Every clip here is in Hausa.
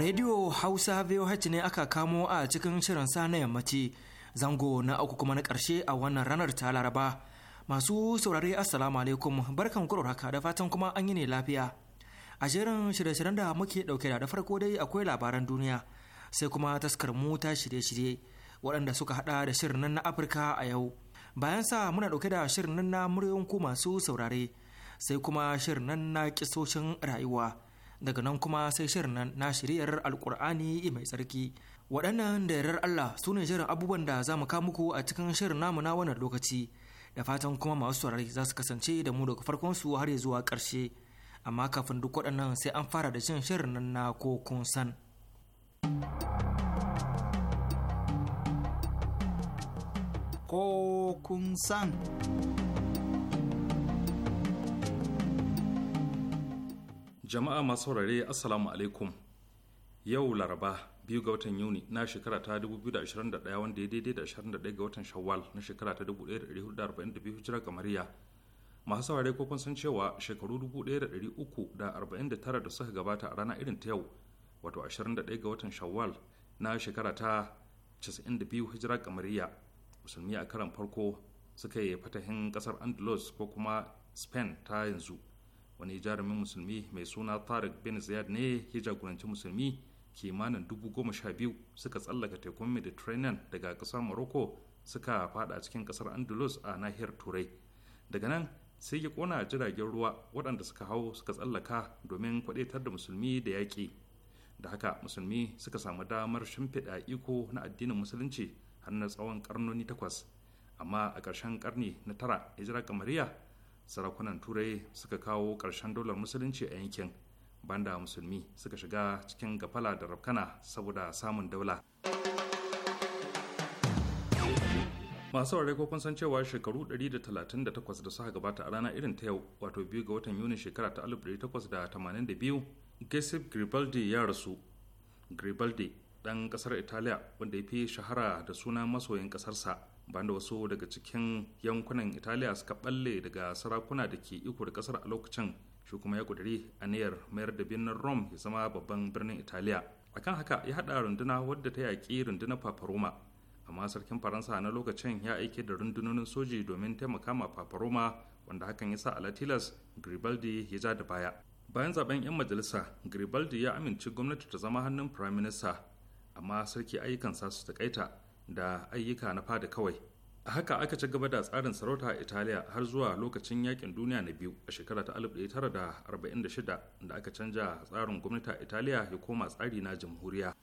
Radio Hausa VOH ne aka kamo a cikin shirin sa na yammaci zango na uku kuma na ƙarshe a wannan ranar ta Laraba. Masu saurare Assalamu alaikum barkan kuro haka da fatan kuma an yi ne lafiya. A jerin shirye-shiryen da muke ɗauke da farko dai akwai labaran duniya sai kuma taskar mu ta shirye-shirye waɗanda suka haɗa da shirin nan na Afirka a yau. Bayan sa muna ɗauke da shirin nan na muryoyin ku masu saurare sai kuma shirin nan na kisoshin rayuwa. daga nan kuma sai shirin nan na shiriyar alkur'ani mai tsarki waɗannan da yarar Allah su ne shirin abubuwan da za mu kawo muku a cikin shirin namu na wannan lokaci da fatan kuma masu saurari za su kasance da mu daga farkon su har zuwa ƙarshe amma kafin duk waɗannan sai an fara da jin shirin nan na ko kun san ko kun san jama'a masu saurare assalamu alaikum yau laraba biyu ga watan yuni na shekara ta 2021 wanda ya daidai da 21 ga watan shawwal na shekara ta 1442 hijira kamariya masu saurare ko kun san cewa shekaru 1349 da suka gabata a rana irin ta yau wato 21 ga watan shawwal na shekara ta 92 hijira kamariya musulmi a karan farko suka yi fatahin kasar andalus ko kuma spain ta yanzu wani jarumin musulmi mai suna tariq bin ziyad ne ya jagoranci musulmi kimanin dubu goma sha biyu suka tsallaka tekun mediterranean daga ƙasar morocco suka fada cikin ƙasar andalus a nahiyar turai daga nan sai ya kona jiragen ruwa waɗanda suka hau suka tsallaka domin kwadaitar da musulmi da yaƙi da haka musulmi suka samu damar shimfiɗa iko na addinin musulunci har na tsawon ƙarnoni takwas amma a ƙarshen ƙarni na tara hijira kamariya sarakunan turai suka kawo ƙarshen dolar musulunci a yankin banda musulmi suka shiga cikin gafala da rafkana saboda samun daula masu ware ko kun san cewa shekaru 138 da suka gabata a rana irin ta yau wato biyu ga watan yuni shekara ta 1882 gisip gribaldi ya rasu gribaldi ɗan ƙasar italiya wanda ya fi shahara da suna masoyin ƙasarsa bayan da wasu daga cikin yankunan italiya suka balle daga sarakuna da ke iko da kasar a lokacin shi kuma ya kuduri aniyar mayar da birnin rome ya zama babban birnin italiya a kan haka ya haɗa runduna wadda ta yaƙi rundunar paparoma amma sarkin faransa na lokacin ya aike da rundunonin soji domin taimaka ma paparoma wanda hakan ya sa alatilas gribaldi ya ja da baya bayan zaben 'yan majalisa gribaldi ya amince gwamnati ta zama hannun firaminista amma sarki ayyukansa su takaita da ayyuka na fada kawai a haka aka ci gaba da tsarin sarauta a italiya har zuwa lokacin yakin duniya na biyu a shekara ta 1946 da aka canja tsarin gwamnati a italiya ya koma tsari na jamhuriya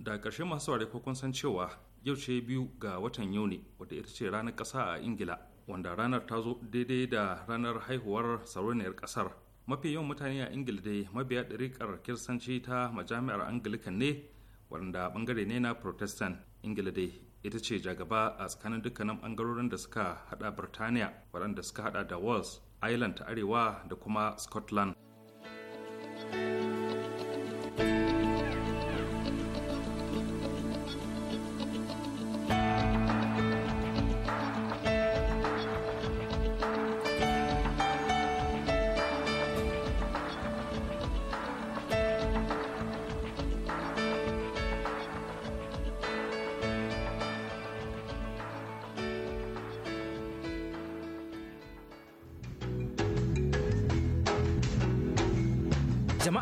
da ƙarshe masu ware kun san cewa yau ce biyu ga watan ne wadda ita ce ranar ƙasa a ingila wanda ranar ta zo daidai da ranar haihuwar sarauniyar ƙasar mafi yawan mutane a ingila dai mabiya ɗariƙar kirsanci ta majami'ar anglican ne wanda bangare ne na protestant ingila dai ita ce jagaba a tsakanin dukkanin bangarorin da suka hada birtaniya waɗanda suka hada da wales ireland ta arewa da kuma scotland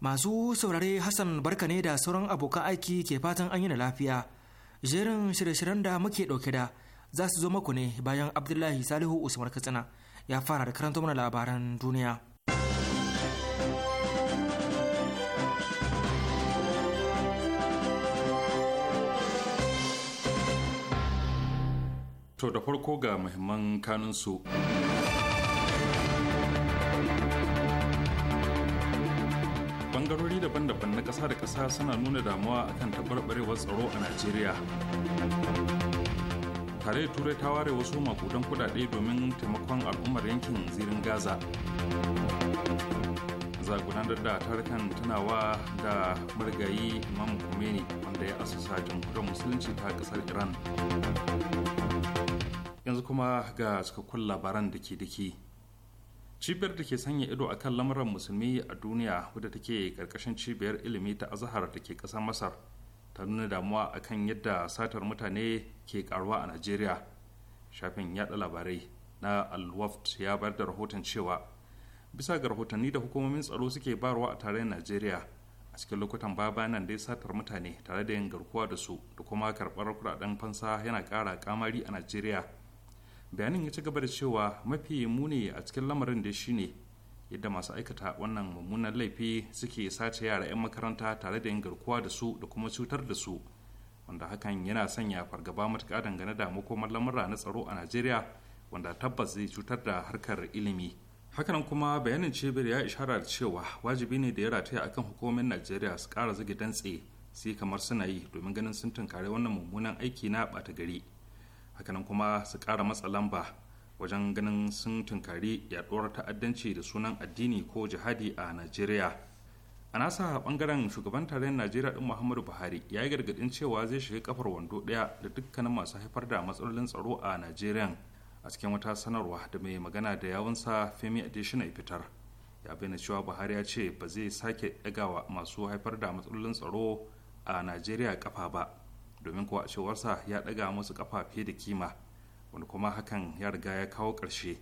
Masu saurare Hassan barka ne da sauran abokan aiki ke fatan an yi da lafiya. Jerin shirye-shiryen da muke ɗauke da za su zo maku ne bayan Abdullahi Salihu Usman Katsina ya fara da karanta mana labaran duniya. To da farko ga muhimman kanunsu. su. daban-daban na ƙasa da ƙasa suna nuna damuwa akan taɓarɓarewar tsaro a najeriya tare da turai ta ware wasu makudan kudade domin taimakon al'ummar yankin zirin gaza Zagunan gudanar da tarkan tunawa da marigayi imam Khomeini wanda ya asusa jamhuriyar musulunci ta ƙasar iran yanzu kuma ga cikakkun labaran da ke dake cibiyar da ke sanya ido a kan lamuran musulmi a duniya wadda take karkashin cibiyar ilimi ta azahar da ke ƙasar masar ta nuna damuwa akan yadda satar mutane ke karuwa a najeriya shafin yada labarai na alwaft ya bayar da rahoton cewa bisa ga rahotanni da hukumomin tsaro suke barwa a tarayyar najeriya a cikin lokutan baya nan dai satar mutane tare da yin garkuwa da su da kuma karɓar kuɗaɗen fansa yana ƙara kamari a najeriya bayanin ya ci gaba da cewa mafi muni a cikin lamarin da shi ne yadda masu aikata wannan mummunan laifi suke sace yara 'yan makaranta tare da yin garkuwa da su da kuma cutar da su wanda hakan yana sanya fargaba matuƙa dangane da makomar lamura na tsaro a najeriya wanda tabbas zai cutar da harkar ilimi hakan kuma bayanin cibiyar ya ishara da cewa wajibi ne da ya rataya akan hukumomin najeriya su ƙara zage dantse sai kamar suna yi domin ganin sun tunkare wannan mummunan aiki na ɓata gari hakanan kuma su kara matsa lamba wajen ganin sun tunkari yaduwar ta'addanci da sunan addini ko jihadi a najeriya a nasa bangaren shugaban tarayyar najeriya din muhammadu buhari ya yi gargadin cewa zai shiga kafar wando daya da dukkanin masu haifar da matsalolin tsaro a najeriya a cikin wata sanarwa da mai magana da yawunsa femi Adishina ya fitar ya bayyana cewa buhari ya ce ba zai sake ɗagawa masu haifar da matsalolin tsaro a najeriya kafa ba domin kuwa cewarsa ya ɗaga musu kafa fiye da kima wani kuma hakan ya riga ya kawo ƙarshe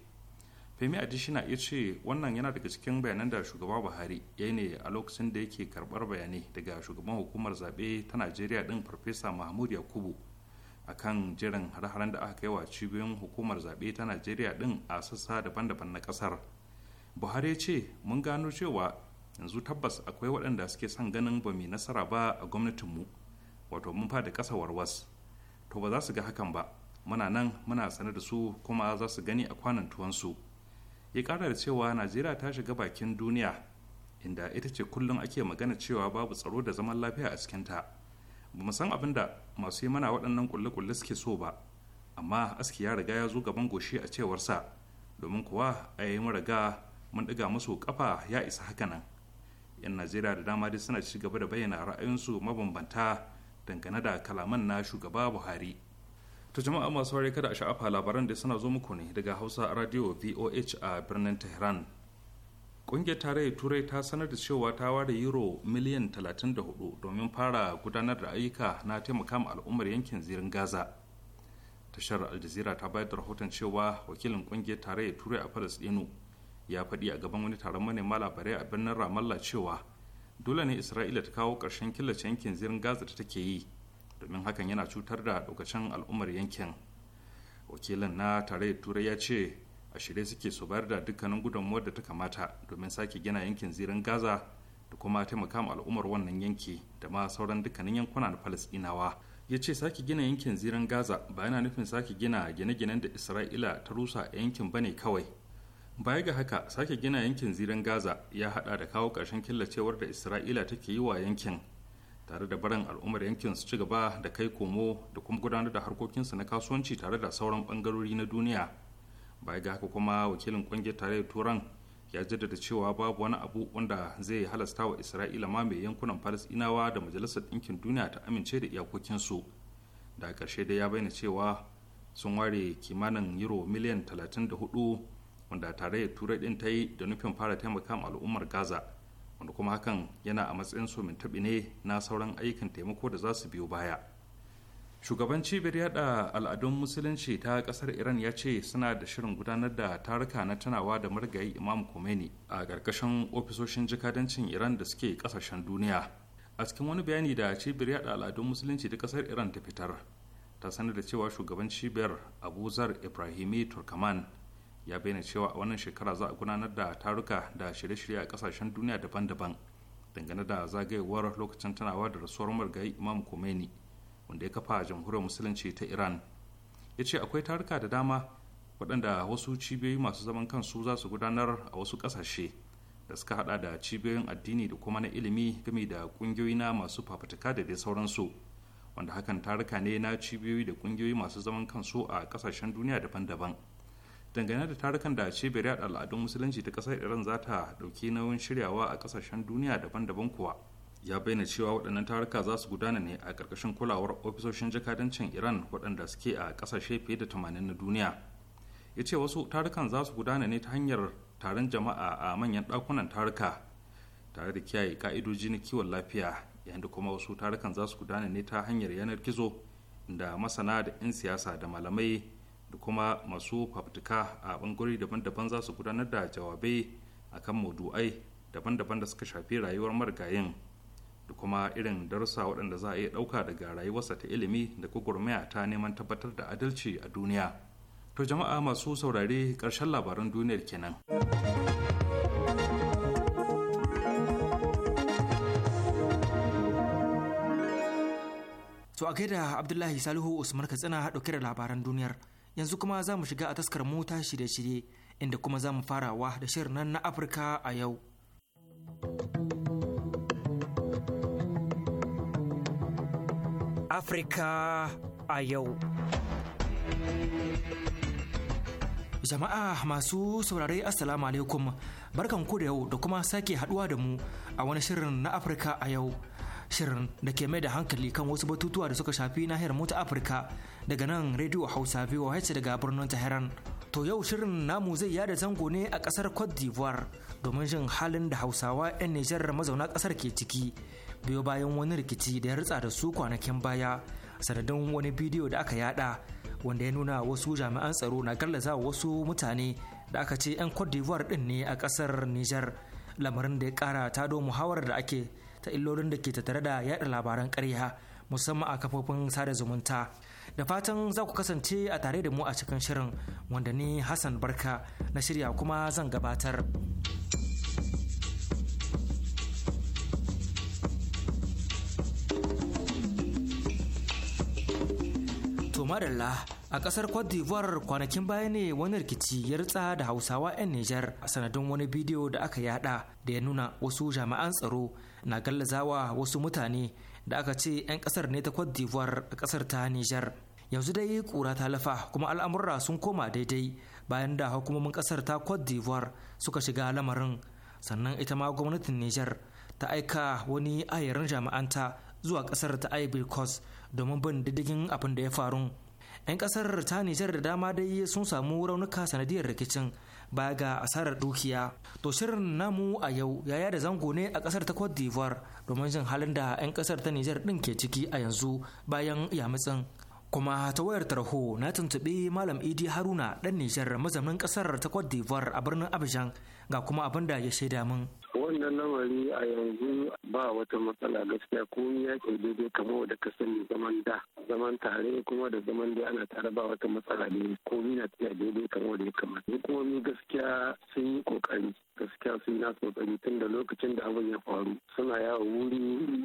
femi adishina ya ce wannan yana daga cikin bayanan da shugaba buhari ya ne a lokacin da yake karɓar bayanai daga shugaban hukumar zaɓe ta najeriya ɗin farfesa mahmud yakubu akan jiran har-haren da aka kai wa cibiyoyin hukumar zaɓe ta najeriya ɗin a sassa daban-daban na ƙasar buhari ya ce mun gano cewa yanzu tabbas akwai waɗanda suke son ganin ba mai nasara ba a gwamnatinmu wato mun fada ƙasa warwas to ba za su ga hakan ba muna nan muna sanar da su kuma za su gani a kwanan tuwansu ya kara da cewa najeriya ta shiga bakin duniya inda ita ce kullum ake magana cewa babu tsaro da zaman lafiya a cikinta ba mu san abin da masu yi mana waɗannan kulle-kulle suke so ba amma aski ya riga ya zo gaban goshi a cewar sa domin kuwa a yi mu riga mun ɗiga musu kafa ya isa haka nan yan najeriya da dama dai suna ci gaba da bayyana ra'ayinsu mabambanta dangane da kalaman na shugaba buhari to jama'a masu saurari kada a sha'afa labaran da suna zo muku ne daga hausa radio voh a birnin tehran ƙungiyar tarayyar turai ta sanar da cewa ta ware euro miliyan 34 domin fara gudanar da ayyuka na taimaka ma al'ummar yankin zirin gaza tashar aljazira ta bayar da rahoton cewa wakilin ƙungiyar tarayyar turai a falasɗinu ya faɗi a gaban wani taron manema labarai a birnin ramallah cewa dole ne isra'ila ta kawo ƙarshen killace yankin zirin gaza da take yi domin hakan yana cutar da lokacin al'ummar yankin wakilin na Tare turai ya ce a shirye suke su bayar da dukkanin gudunmuwar da ta kamata domin sake gina yankin zirin gaza da kuma taimaka ma al'ummar wannan yanki da ma sauran dukkanin yankuna na falasɗinawa ya ce sake gina yankin zirin gaza ba yana nufin sake gina gine-ginen da isra'ila ta rusa a yankin ba ne kawai baya ga haka sake gina yankin ziren gaza ya hada da kawo ƙarshen killacewar da isra'ila take yi wa yankin tare da barin al'ummar yankin su ci gaba da kai komo da kuma gudanar da harkokinsu na kasuwanci tare da sauran bangarori na duniya baya ga haka kuma wakilin kungiyar tarayyar turan ya jaddada cewa babu wani abu wanda zai halasta wa isra'ila ma mai yankunan falasɗinawa da majalisar ɗinkin duniya ta amince da iyakokinsu da ƙarshe dai ya bayyana cewa sun ware kimanin euro miliyan 34 wanda tarayyar turai din ta yi da nufin fara taimaka ma al'ummar gaza wanda kuma hakan yana a matsayin somin taɓi ne na sauran ayyukan taimako da za su biyo baya shugaban cibiyar yada al'adun musulunci ta kasar iran ya ce suna da shirin gudanar da taruka na tunawa da marigayi imam khomeini a ƙarƙashin ofisoshin jikadancin iran da suke ƙasashen duniya a cikin wani bayani da cibiyar yada al'adun musulunci ta kasar iran ta fitar ta sanar da cewa shugaban cibiyar abuzar ibrahimi turkaman ya bayyana cewa a wannan shekara za a gudanar da taruka da shirye-shirye a kasashen duniya daban-daban dangane da zagayewar lokacin tunawa da rasuwar marigayi imam khomeini wanda ya kafa jamhuriyar musulunci ta iran ya ce akwai taruka da dama waɗanda wasu cibiyoyi masu zaman kansu za su gudanar a wasu ƙasashe da suka hada da cibiyoyin addini da kuma na ilimi game da ƙungiyoyi na masu fafutuka da dai sauransu wanda hakan taruka ne na cibiyoyi da ƙungiyoyi masu zaman kansu a ƙasashen duniya daban-daban dangane da tarukan da cibiyar da al'adun musulunci ta kasar iran za ta dauki nauyin shiryawa a kasashen duniya daban-daban kuwa ya bayyana cewa waɗannan taruka za su gudana ne a ƙarƙashin kulawar ofisoshin jakadancin iran waɗanda suke a ƙasashe fiye da tamanin na duniya ya ce wasu tarukan za su gudana ne ta hanyar taron jama'a a manyan ɗakunan taruka tare da kiyaye ka'idoji na kiwon lafiya yayin da kuma wasu tarukan za su gudana ne ta hanyar yanar gizo da masana da 'yan siyasa da malamai da kuma masu fafutuka a bangare daban-daban za su gudanar da jawabai akan maudu'ai daban-daban da suka shafi rayuwar marigayin da kuma irin darussa waɗanda za a iya ɗauka daga rayuwarsa ta ilimi da gwagwarmaya ta neman tabbatar da adalci a duniya to jama'a masu saurare ƙarshen labaran duniyar kenan. To a da Abdullahi Salihu Usman Katsina ɗauke da labaran duniyar. yanzu kuma za mu shiga a taskar mota shirye-shirye inda kuma za mu farawa da shirin nan na afirka a yau afirka a yau jama'a masu saurare assalamu alaikum barkan ku da yau da kuma sake haduwa da mu a wani shirin na afirka a yau shirin da ke mai da hankali kan wasu batutuwa da suka shafi nahiyar mota afirka daga nan rediyo hausa biyu voh daga birnin tehran to yau shirin namu zai yada zango ne a kasar cote d'ivoire domin jin halin da hausawa 'yan nijar mazauna kasar ke ciki biyo bayan wani rikici da ya ritsa da su kwanakin baya sanadin wani bidiyo da aka yada wanda ya nuna wasu jami'an tsaro na gallaza wasu mutane da aka ce 'yan cote d'ivoire din ne a kasar nijar lamarin da ya kara tado muhawarar da ake ta illolin da ke tattare da yada labaran ƙarya musamman a kafofin sada zumunta da fatan za ku kasance a tare da mu a cikin shirin wanda ni hassan barka na shirya kuma zan gabatar to madalla a kasar cote d'ivoire kwanakin baya ne wani rikici ya ritsa da hausawa 'yan nijar a sanadin wani bidiyo da aka yada da ya nuna wasu jami'an tsaro na gallazawa wasu mutane da aka ce 'yan kasar ne ta cote d'ivoire a kasar ta nijar yanzu dai kura ta lafa kuma al'amurra sun koma daidai bayan da hukumomin kasar ta cote d'ivoire suka shiga lamarin sannan ita ma gwamnatin nijar ta aika wani ayarin jami'anta zuwa kasar ta ivory coast domin bin diddigin abin da ya faru 'yan kasar ta nijar da dama dai sun samu raunuka sanadiyar rikicin ba ga asarar dukiya to shirin namu a yau yaya da zango ne a kasar ta cote d'ivoire domin jin halin da 'yan kasar ta nijar din ke ciki a yanzu bayan yamitsin kuma ta wayar tarho na tuntuɓi malam idi haruna ɗan nijar mazaunin kasar ta cote d'ivoire a birnin abidjan ga kuma abin da ya shaida min wannan lamari a yanzu ba wata matsala gaskiya ko ya ke daidai kama da ka sani zaman da zaman tare kuma da zaman da ana tare ba wata matsala ne Ko komai na tafiya daidai kamar da ya kamata gaskiya sun yi kokari gaskiya sun yi nasu kokari tun da lokacin da abin ya faru suna yawo wuri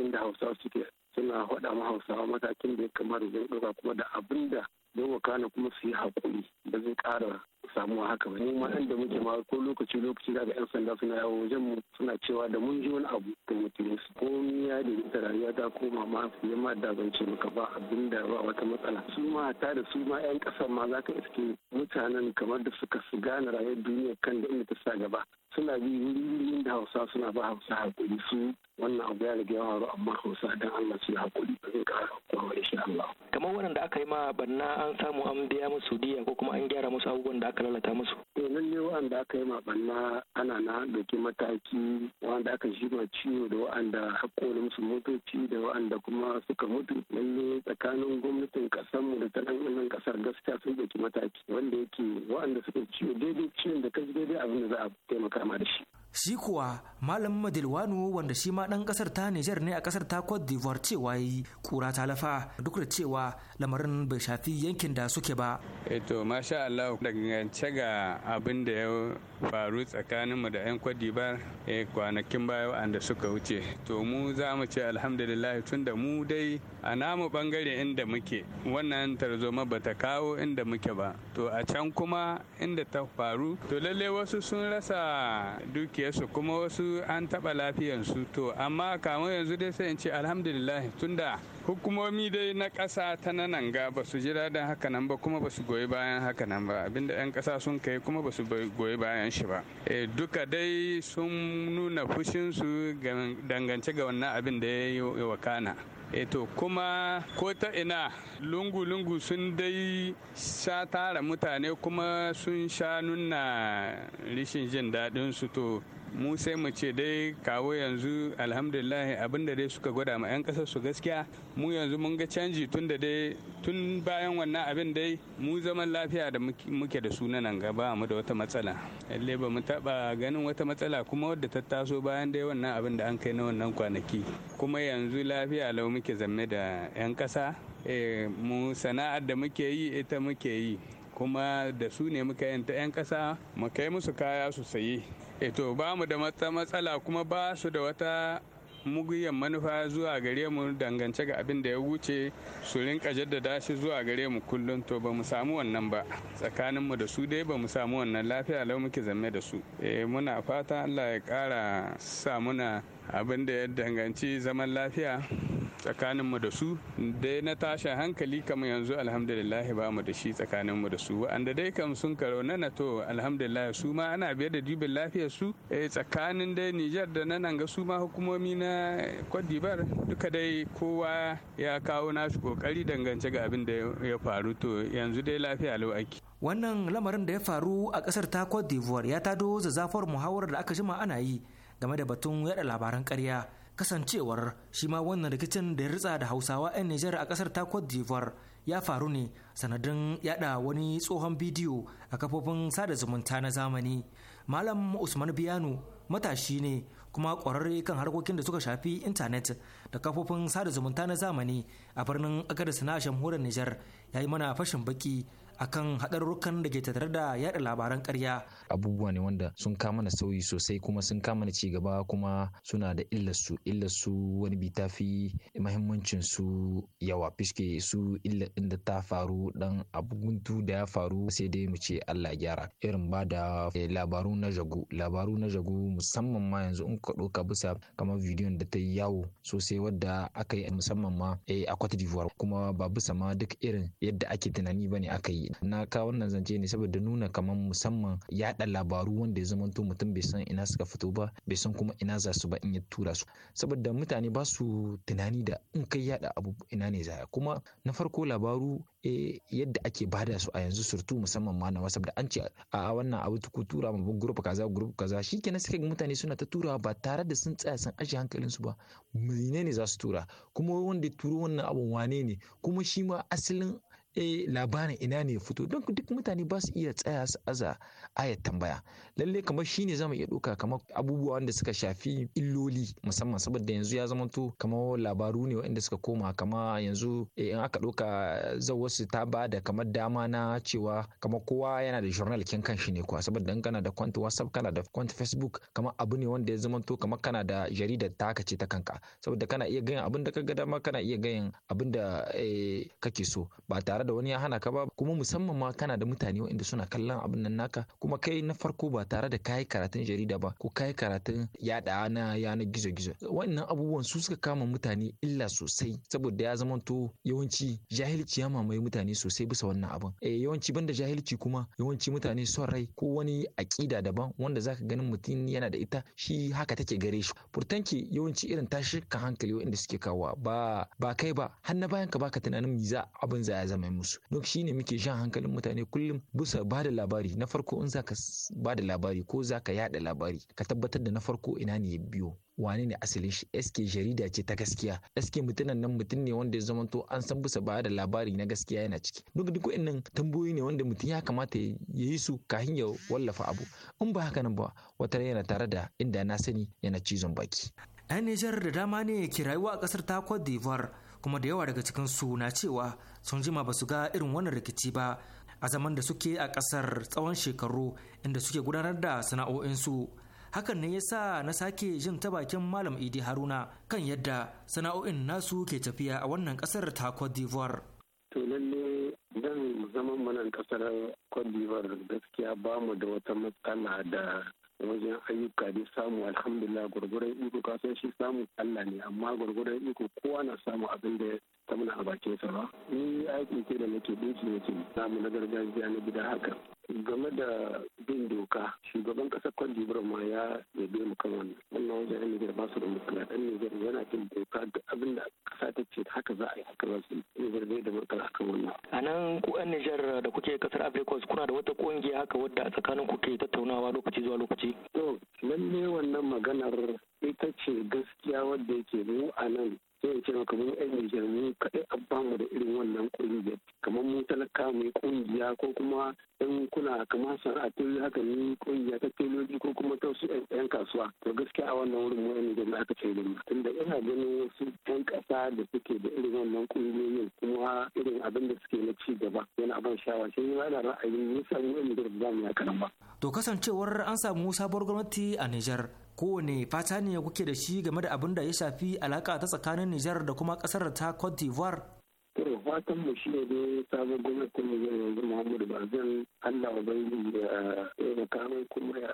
inda hausa suke suna faɗa ma hausawa matakin da ya kamata zai kuma da abin da don wakana kuma su yi haƙuri ba zai ƙara samuwa haka ba mu ma da muke ma ko lokaci lokaci da ga yan sanda suna yawo wajen mu suna cewa da mun ji wani abu da mutum su ko ya da ita rayuwa ta koma ma su yi ma da ban ce maka ba abin da ba wata matsala su ma ta da su ma yan ƙasar ma za ka iske mutanen kamar da suka su gane rayuwar duniya kan da inda ta sa gaba suna bi wurin da hausa suna ba hausa hakuri su wannan abu ya riga yawa amma hausa dan Allah suna hakuri ba zai kara wani insha Allah kamar da aka yi ma banna an samu an biya musu diya ko kuma an gyara musu abubuwan da aka lalata musu to ne waɗanda aka yi ma banna ana na dauke mataki waɗanda aka shi ma ciwo da waɗanda hakkoli musu motoci da waɗanda kuma suka mutu ne tsakanin gwamnatin kasar mu da ta nan kasar gaskiya sun dauki mataki wanda yake waɗanda suka ciwo daidai ciwon da kaji daidai abin da za a taimaka da much. shi kuwa malam madilwanu wanda shi ma ɗan kasar ta nijar ne a kasar ta cote d'ivoire cewa yi kura ta lafa duk da cewa lamarin bai shafi yankin da suke ba eto eh masha allah dangance ga abin da ya faru tsakaninmu da 'yan cote d'ivoire eh, kwanakin baya wanda suka wuce to mu za mu ce alhamdulillah tun da mu dai a namu bangare inda muke wannan tarzoma ba kawo inda muke ba to a can kuma inda ta faru to lalle wasu sun rasa duki su kuma wasu an taɓa lafiyansu to amma kamar yanzu dai sai in ce alhamdulillah tunda hukumomi dai na ƙasa ta nan ga ba su ji daɗin haka nan ba kuma ba su goyi bayan haka nan ba abinda 'yan ƙasa sun kai kuma ba su goyi bayan shi ba e, duka dai sun nuna fushinsu dangance ga wannan abin da ya yi wakana eto eh, kuma ko ta ina lungu-lungu sun dai sha tara mutane kuma sun sha nuna rishin jin daɗin su to mu sai mu ce dai kawo yanzu alhamdulillah abinda dai suka gwada ma 'yan kasar su gaskiya mu yanzu mun ga canji tun da dai tun bayan wannan abin dai mu zaman lafiya da muke da su nan gaba mu da wata matsala lalle ba mu taba ganin wata matsala kuma wadda ta taso bayan dai wannan abin da an kai na wannan kwanaki kuma yanzu lafiya lau muke zamme da 'yan kasa eh, mu sana'ar da muke yi ita muke yi kuma da su ne muka yanta 'yan kasa mu kai musu kaya su sayi E to ba mu da matsala kuma ba su da wata muguyan manufa zuwa gare mu dangance ga abin da ya wuce su rinka jaddada shi zuwa gare mu kullum to ba mu samu wannan ba tsakanin mu da su dai ba mu samu wannan lafiya lau muke zamme da su eh muna fata Allah ya kara sa muna abin da ya danganci zaman lafiya tsakaninmu da su dai na tashin hankali kamar yanzu alhamdulillah ba mu da shi tsakaninmu da su wa'anda dai kam sun karo na nato alhamdulillah su ma ana biyar da dubin lafiyar su eh, tsakanin dai nijar da na nan ga su ma hukumomi na kwadibar duka dai kowa ya kawo nashi kokari dangance ga abin da ya faru to yanzu dai lafiya lau aiki wannan lamarin da ya faru a kasar ta cote d'ivoire ya tado zazafar muhawarar da aka jima ana yi game da batun yada labaran karya kasancewar shi ma wannan rikicin da ya ritsa da hausawa 'yan nijar a kasar ta cote ya faru ne sanadin yada wani tsohon bidiyo a kafofin sada zumunta na zamani malam usman biyano matashi ne kuma kwararre kan harkokin da suka shafi intanet da kafofin sada zumunta na zamani a birnin agadis na Shamhuran nijar ya yi mana fashin baki akan haɗarurrukan da ke tattare da yaɗa labaran karya. Abubuwa ne wanda sun kama na sauyi sosai kuma sun kama na ci gaba kuma suna da illarsu illarsu wani bi ta fi mahimmancin su yawa fiske su illa ɗin da ta faru dan abu da ya faru sai dai mu ce Allah gyara irin ba da eh, labaru na jago labaru na jago musamman ma yanzu in ka ɗauka bisa kamar bidiyon da ta yi yawo sosai wadda aka yi musamman ma eh, a Cote d'Ivoire kuma ba bisa ma duk irin yadda ake tunani bane aka yi na kawo wannan zance ne saboda nuna kamar musamman yaɗa labaru wanda ya zamanto mutum bai san ina suka fito ba bai san kuma ina za su ba in ya tura su saboda mutane ba su tunani da in kai yaɗa abu ina ne za kuma na farko labaru e, yadda ake bada su a yanzu surtu musamman ma na wasa da an ce a wannan abu ku tura ma group kaza group kaza shikenan suka ga mutane suna ta turawa ba tare da sun tsaya sun ajiye su ba menene za su tura kuma wanda ya turo wannan abun wane ne kuma shi ma asalin eh labarin ina ne ya fito don duk mutane ba su iya tsaya su aza ayat tambaya lalle kamar ne zamu iya doka kamar abubuwa wanda suka shafi illoli musamman saboda yanzu ya to kamar labaru ne waɗanda suka koma kama yanzu eh, in aka ɗauka wasu ta ba da kamar dama na cewa kamar kowa yana da journal kin kanshi ne kuwa saboda dan kana da kwanta whatsapp kana da kwanta facebook kamar abu ne wanda ya to kamar kana da ta ka ce ta kanka saboda kana iya ganin abin da ka ga dama kana iya ganin abin da eh, kake so ba tare tare da wani ya hana ka ba kuma musamman ma kana da mutane waɗanda suna kallon abin nan naka kuma kai na farko ba tare da kayi karatun jarida ba ko kayi karatun yaɗa na yanar gizo-gizo wannan abubuwan su suka kama mutane illa sosai saboda ya to yawanci jahilci ya mamaye mutane sosai bisa wannan abin eh yawanci banda jahilci kuma yawanci mutane son rai ko wani aƙida daban wanda zaka ganin mutum yana da ita shi haka take gare shi furtanki yawanci irin tashi kan hankali waɗanda suke kawo ba ba kai ba har na bayan ka baka tunanin me za abin za ya zama musu duk ne muke shan hankalin mutane kullum bisa ba da labari na farko in zaka ba da labari ko zaka yada labari ka tabbatar da na farko ina ne biyo wane ne asalin shi eske jarida ce ta gaskiya eske mutumin nan mutum ne wanda ya zamanto an san bisa ba da labari na gaskiya yana ciki duk duk wannan tambayoyi ne wanda mutum ya kamata ya yi su kafin ya wallafa abu in ba haka nan ba wata yana tare da inda na sani yana cizon baki 'yan nijar da dama ne ke rayuwa a kasar ta cote d'ivoire kuma da yawa daga cikinsu na cewa sun jima ba su ga irin wannan rikici ba a zaman da suke a ƙasar tsawon shekaru inda suke gudanar da sana'o'insu hakan ne yasa na sake jin ta bakin malam idi haruna kan yadda sana'o'in nasu ke tafiya a wannan ƙasar ta cote d'ivoire to lalle zan zaman mana ƙasar cote d'ivoire gaskiya ba mu da wata matsala da wajen ayyuka dai samu alhamdulillah gwargwaron iko kasan shi samu Allah ne amma gwargwaron iko kowa na samu abin da ta muna a bakin sa ba ni aiki ke da nake dinki nake samu na gargajiya na gida haka game da bin doka shugaban kasar kwanjibar ma ya yabe mu kan wannan wannan wajen yan nijar ba su da mutuna dan nijar yana bin doka da abin da kasa ta ce haka za a yi haka za su nijar bai da mutuna akan wannan a nan ku yan nijar da kuke kasar africa kuna da wata kungiya haka wadda a tsakanin ku ke tattaunawa lokaci zuwa lokaci To, lalle wannan maganar ita ce gaskiya wadda yake mu a nan zai ce maka mun yan Nijar mu kaɗai an bamu da irin wannan ƙungiyar kamar mu talaka mai ƙungiya ko kuma ɗan kuna kamar sana'atun haka ni ƙungiya ta teloji ko kuma ta wasu ƴan kasuwa to gaskiya a wannan wurin mu yan Nijar da aka ce da mu tunda ina ganin wasu yan ƙasa da suke da irin wannan ƙungiyoyin kuma irin abin da suke na ci gaba yana ban sha'awa shi ne da ra'ayin nisan yan Nijar ba mu yi kanan ba. To kasancewar an samu sabuwar gwamnati a Nijar kowane fata ne kuke da shi game da abin da ya shafi alaka ta tsakanin Nijar da kuma ƙasar ta Cote d'Ivoire? fatan mu shi ne sabon gwamnatin ne zai yanzu Muhammadu Bazan Allah Ubangiji ya taimaka mai kuma ya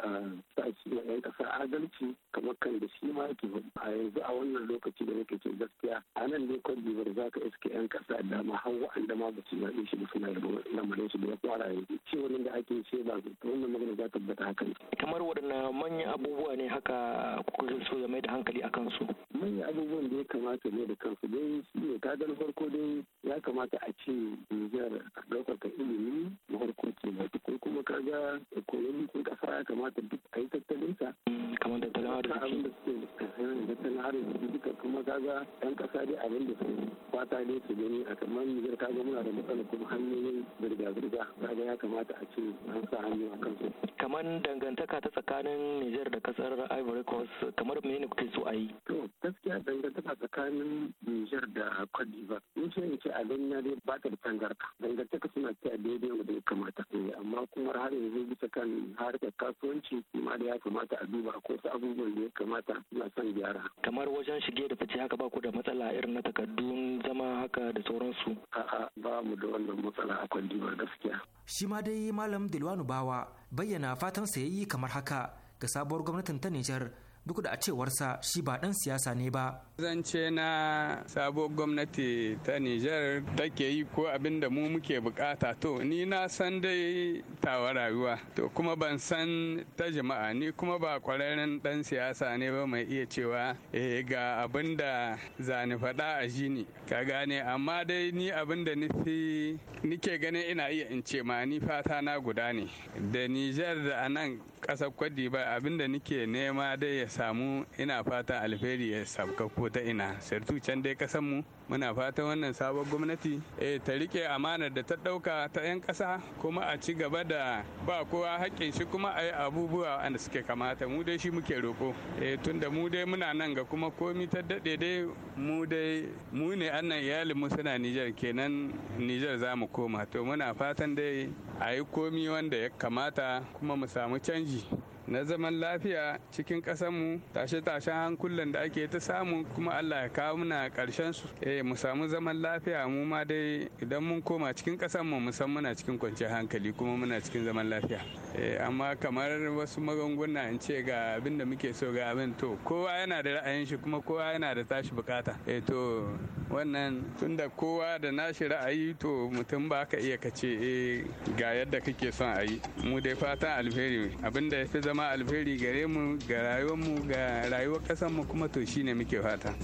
sashi ya yan kasa adalci kamar kan da shi ma yake a yanzu a wannan lokaci da muke ce gaskiya a nan ne kwan bibar za ka iske yan kasa da ma har wa'anda ma ba su zaɓe shi ba suna lamarin shi da ya fara yanzu ce wani da ake ce ba su wannan magana za ta bata hakan. Kamar waɗanne manyan abubuwa ne haka kuka so ya mai da hankali a kansu. Manyan abubuwan da ya kamata ne da kansu dai shi ne gani farko dai ya kamata a ce Nijar a ɗaukaka ilimi na farko ke da ko kuma koyon ekonomikin ƙasa ya kamata duk a yi tattalin sa. Eh, kamar tattalin arziki. Abin da suke tattalin arziki duka kuma ka ga ɗan ƙasa dai abin da suke fata ne su gani a kamar Nijar ka ga muna da matsala kuma hanyoyin zirga-zirga ga ya kamata a ce an sa hannu a kansu. Kamar dangantaka ta tsakanin Nijar da ƙasar Ivory Coast kamar mene kuke so a yi? To gaskiya dangantaka tsakanin Nijar da Cote d'Ivoire. Mun ce in ce a gani na dai ba ta da tangarka dangantaka suna ta daidai wanda ya kamata eh, amma kuma har yanzu bisa kan harkar kasuwanci ma da ya kamata a duba ko su abubuwan da ya kamata suna son gyara kamar wajen shige da fice haka ba ku da matsala irin na takardun zama haka da sauransu a'a ba mu da wannan matsala a kwandibar gaskiya shi ma dai malam Dilwanu Bawa bayyana fatan sayayyi kamar haka ga sabuwar gwamnatin ta Nijar duk da a cewarsa shi ba ɗan siyasa ne ba. Zance na sabo gwamnati ta Nijar take yi ko abin da mu muke bukata to ni na san dai tawa rayuwa to kuma ban san ta jama'a ni kuma ba kwararren ɗan siyasa ne ba mai iya cewa eh ga abin da zani faɗa a jini ka gane amma dai ni abin da nufi nike ganin ina iya in ce ma ni fata na guda ne da Nijar da anan ƙasar Kwadi ba abin da nike nema dai ya samu ina fata alheri ya sabka ko ta ina sartu can dai kasan mu muna fata wannan sabon gwamnati eh ta rike amanar da ta dauka ta yan kasa kuma a ci gaba da ba kowa hakkin shi kuma a yi abubuwa an suke kamata mu dai shi muke roko eh tunda mu dai muna nan ga kuma komi ta daɗe dai mu dai mu ne annan iyalin mu suna Nijar kenan Nijar za mu koma to muna fatan dai a yi komi wanda ya kamata kuma mu samu canji na zaman lafiya cikin ƙasarmu tashe-tashen hankulan da ake ta samu kuma Allah ya kawo muna ƙarshen su eh mu samu zaman lafiya mu ma dai idan mun koma cikin ƙasarmu mu san muna cikin kwanciyar hankali kuma muna cikin zaman lafiya eh amma kamar wasu magunguna in ce ga abin da muke so ga abin to kowa yana da ra'ayin shi kuma kowa yana da tashi bukata eh to wannan tunda kowa da nashi ra'ayi to mutum ba ka iya kace eh ga yadda kake son a yi mu dai fatan alheri abin da ya fi zama zama alheri gare mu ga rayuwarmu ga rayuwar ƙasarmu kuma to shine muke fata.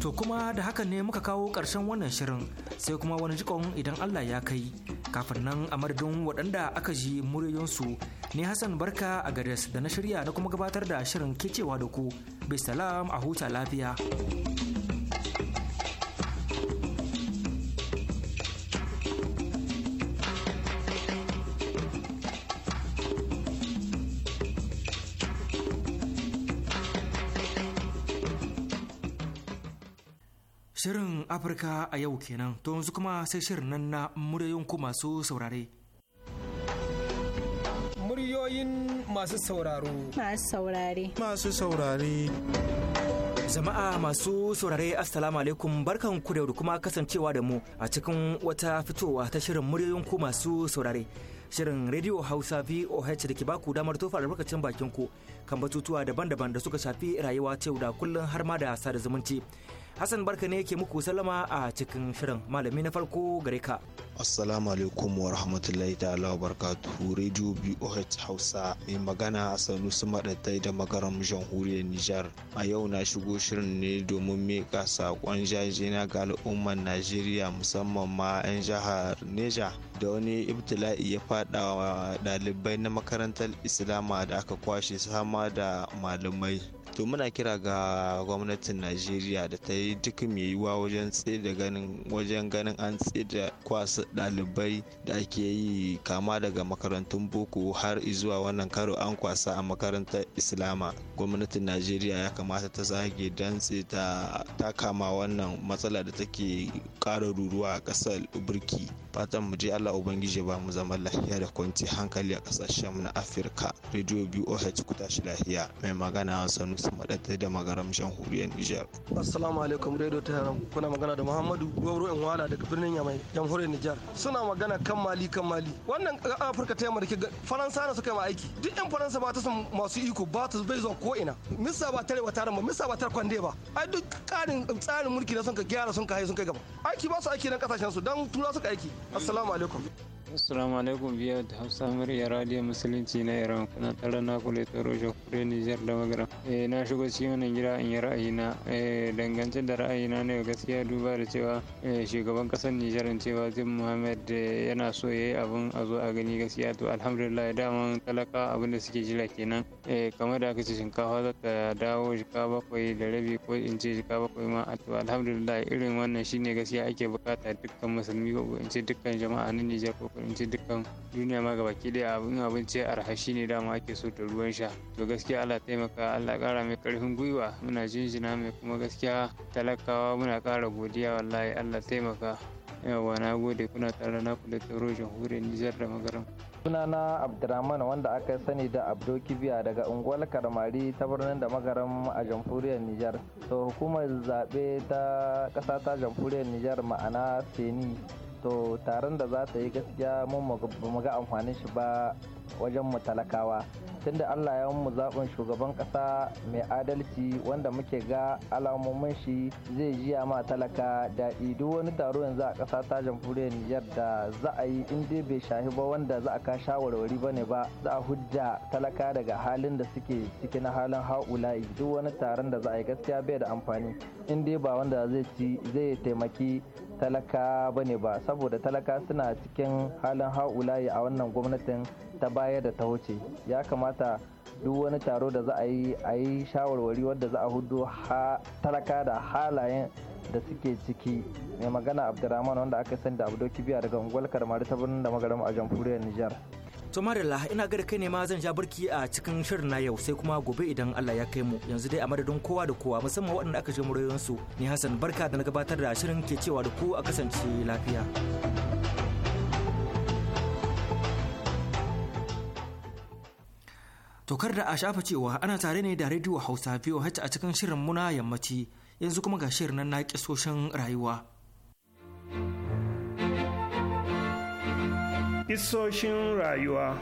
To kuma da haka ne muka kawo ƙarshen wannan shirin sai kuma wani jikon idan Allah ya kai kafin nan a madadin waɗanda aka ji muryoyinsu ne Hassan Barka a gares da na shirya na kuma gabatar da shirin kecewa da ku. bai Bisalam a huta lafiya. Afirka a yau kenan to yanzu kuma sai shirin nan na muryoyin ku masu saurare. Muryoyin masu sauraro. Masu saurare. Masu saurare. Jama'a masu saurare Assalamu alaikum barkan ku da kuma kasancewa da mu a cikin wata fitowa ta shirin muryoyin ku masu saurare. Shirin Radio Hausa VOH da ke baku damar tofa albarkacin bakin ku kan batutuwa daban-daban da suka shafi rayuwa ta da kullum har ma da sada zumunci. Hassan barka ne ke muku Salama a cikin shirin malami na farko gare ka. Assalamu alaikum wa rahmatullahi ta'ala wa barakatuhu Radio BOH Hausa mai magana Sanusi Madatai da magaram jamhuriyar Nijar. A yau na shigo shirin ne domin mika saƙon na ga al'umman Najeriya musamman ma 'yan jihar Neja da wani ibtila'i ya faɗa wa ɗalibai na makarantar Islama da aka kwashe sama da malamai. to muna kira ga gwamnatin najeriya da ta yi duk mai yiwuwa wajen da ganin wajen ganin an da kwasa ɗalibai da ake yi kama daga makarantun boko har zuwa wannan karo an kwasa a makarantar islama gwamnatin najeriya ya kamata ta zage dantse ta kama wannan matsala da take ƙara ruruwa a ƙasar burki fatan mu je allah ubangiji ba mu zama lafiya da kwanci hankali a ƙasashen na afirka radio boh kuta shi lafiya mai magana sanu Hafsa Madatai da Magaram Jamhuriyar Nijar. Assalamu alaikum Radio Tehran kuna magana da Muhammadu Gwauro in wala daga birnin Yamai Jamhuriyar Nijar. Suna magana kan Mali kan Mali. Wannan Afirka ta yamma da ke Faransa na suka yi aiki. Duk yan Faransa ba ta san masu iko ba ta bai zuwa ko ina. Missa ba tare ba tarin ba missa ba tar kwande ba. Ai duk tsarin tsarin mulki na sun ka gyara sun ka haye sun kai gaba. Aiki ba su aiki nan kasashen su dan tura suka aiki. Assalamu alaikum. Assalamu alaikum biya da Hausa murya Radio Musulunci na Iran kuna tare na ta tsoro kure Nijar da Magara. Eh na shigo cikin wannan gida in yi ra'ayina eh, dangance da ra'ayina ne gaskiya duba da cewa eh, shugaban kasar Nijar in cewa Zim Muhammad eh, yana so ya yi abun a zo a gani gaskiya to alhamdulillah daman talaka abin da suke jira kenan. Eh kamar da aka ce shinkafa za ta dawo jika bakwai da rabi ko in ce jika bakwai ma to alhamdulillah irin wannan shine gaskiya ake bukata dukkan musulmi ko in ce dukkan jama'a na Nijar ko fahimci dukkan duniya ma baki daya abin abinci arha ne dama ake so da ruwan sha to gaskiya Allah taimaka Allah kara mai karfin gwiwa muna jinjina mai kuma gaskiya talakawa muna kara godiya wallahi Allah taimaka yawa na gode kuna tare na da tsaro jamhuriyar Nijar da magaram sunana abdulrahman wanda aka sani da abdo kibiya daga unguwar karmari ta birnin da magaram a jamhuriyar nijar to hukumar zaɓe ta ƙasa ta jamhuriyar nijar ma'ana seni to taron da za ta yi gaskiya mun mu ga amfanin shi ba wajen mu talakawa tunda Allah ya mu zaɓin shugaban ƙasa mai adalci wanda muke ga alamomin shi zai jiya ma talaka daɗi duk wani taro yanzu a ƙasa ta jamhuriyar Niger da za a yi in dai bai shahi ba wanda za a ka shawarwari ba ne ba za a hujja talaka daga halin da suke ciki na halin haula duk wani taron da za a yi gaskiya bai da amfani in dai ba wanda zai ci zai taimaki talaka ba ne ba saboda talaka suna cikin halin haulayi a wannan gwamnatin ta baya da ta wuce ya kamata duk wani taro da za a yi a yi shawarwari wadda za a hudu talaka da halayen da suke ciki mai magana abdurrahman wanda aka sani da doki biya daga unguwar karmari ta birnin da magaram a jamhuriyar nijar To Marilla ina ga kai ne ma zan ja barki a cikin shirin na yau sai kuma gobe idan Allah ya kai mu yanzu dai a madadin kowa da kowa musamman waɗanda aka je murayensu ni Hassan barka da na gabatar da shirin ke cewa da ku a kasance lafiya. Tokar da a shafa cewa ana tare ne da rediyo Hausa VOH a cikin shirin muna yammaci yanzu kuma ga shirin nan na kisoshin rayuwa. Isoshin rayuwa.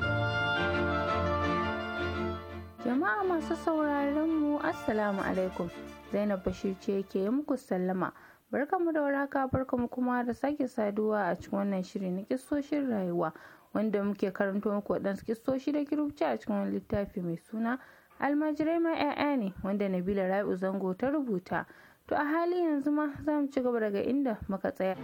Jama'a masu sauraron mu Assalamu alaikum Zainab Bashir ce ke muku sallama. barka Barkamu da waraka barkamu kuma da sake saduwa a cikin wannan shirin na kisoshin rayuwa wanda muke karanto muku waɗansu kisoshi da kirubci a cikin wani littafi mai suna almajirai ma 'ya'ya ne wanda Nabila Rabi'u Zango ta rubuta. To a hali yanzu ma za mu ci gaba daga inda muka tsaya.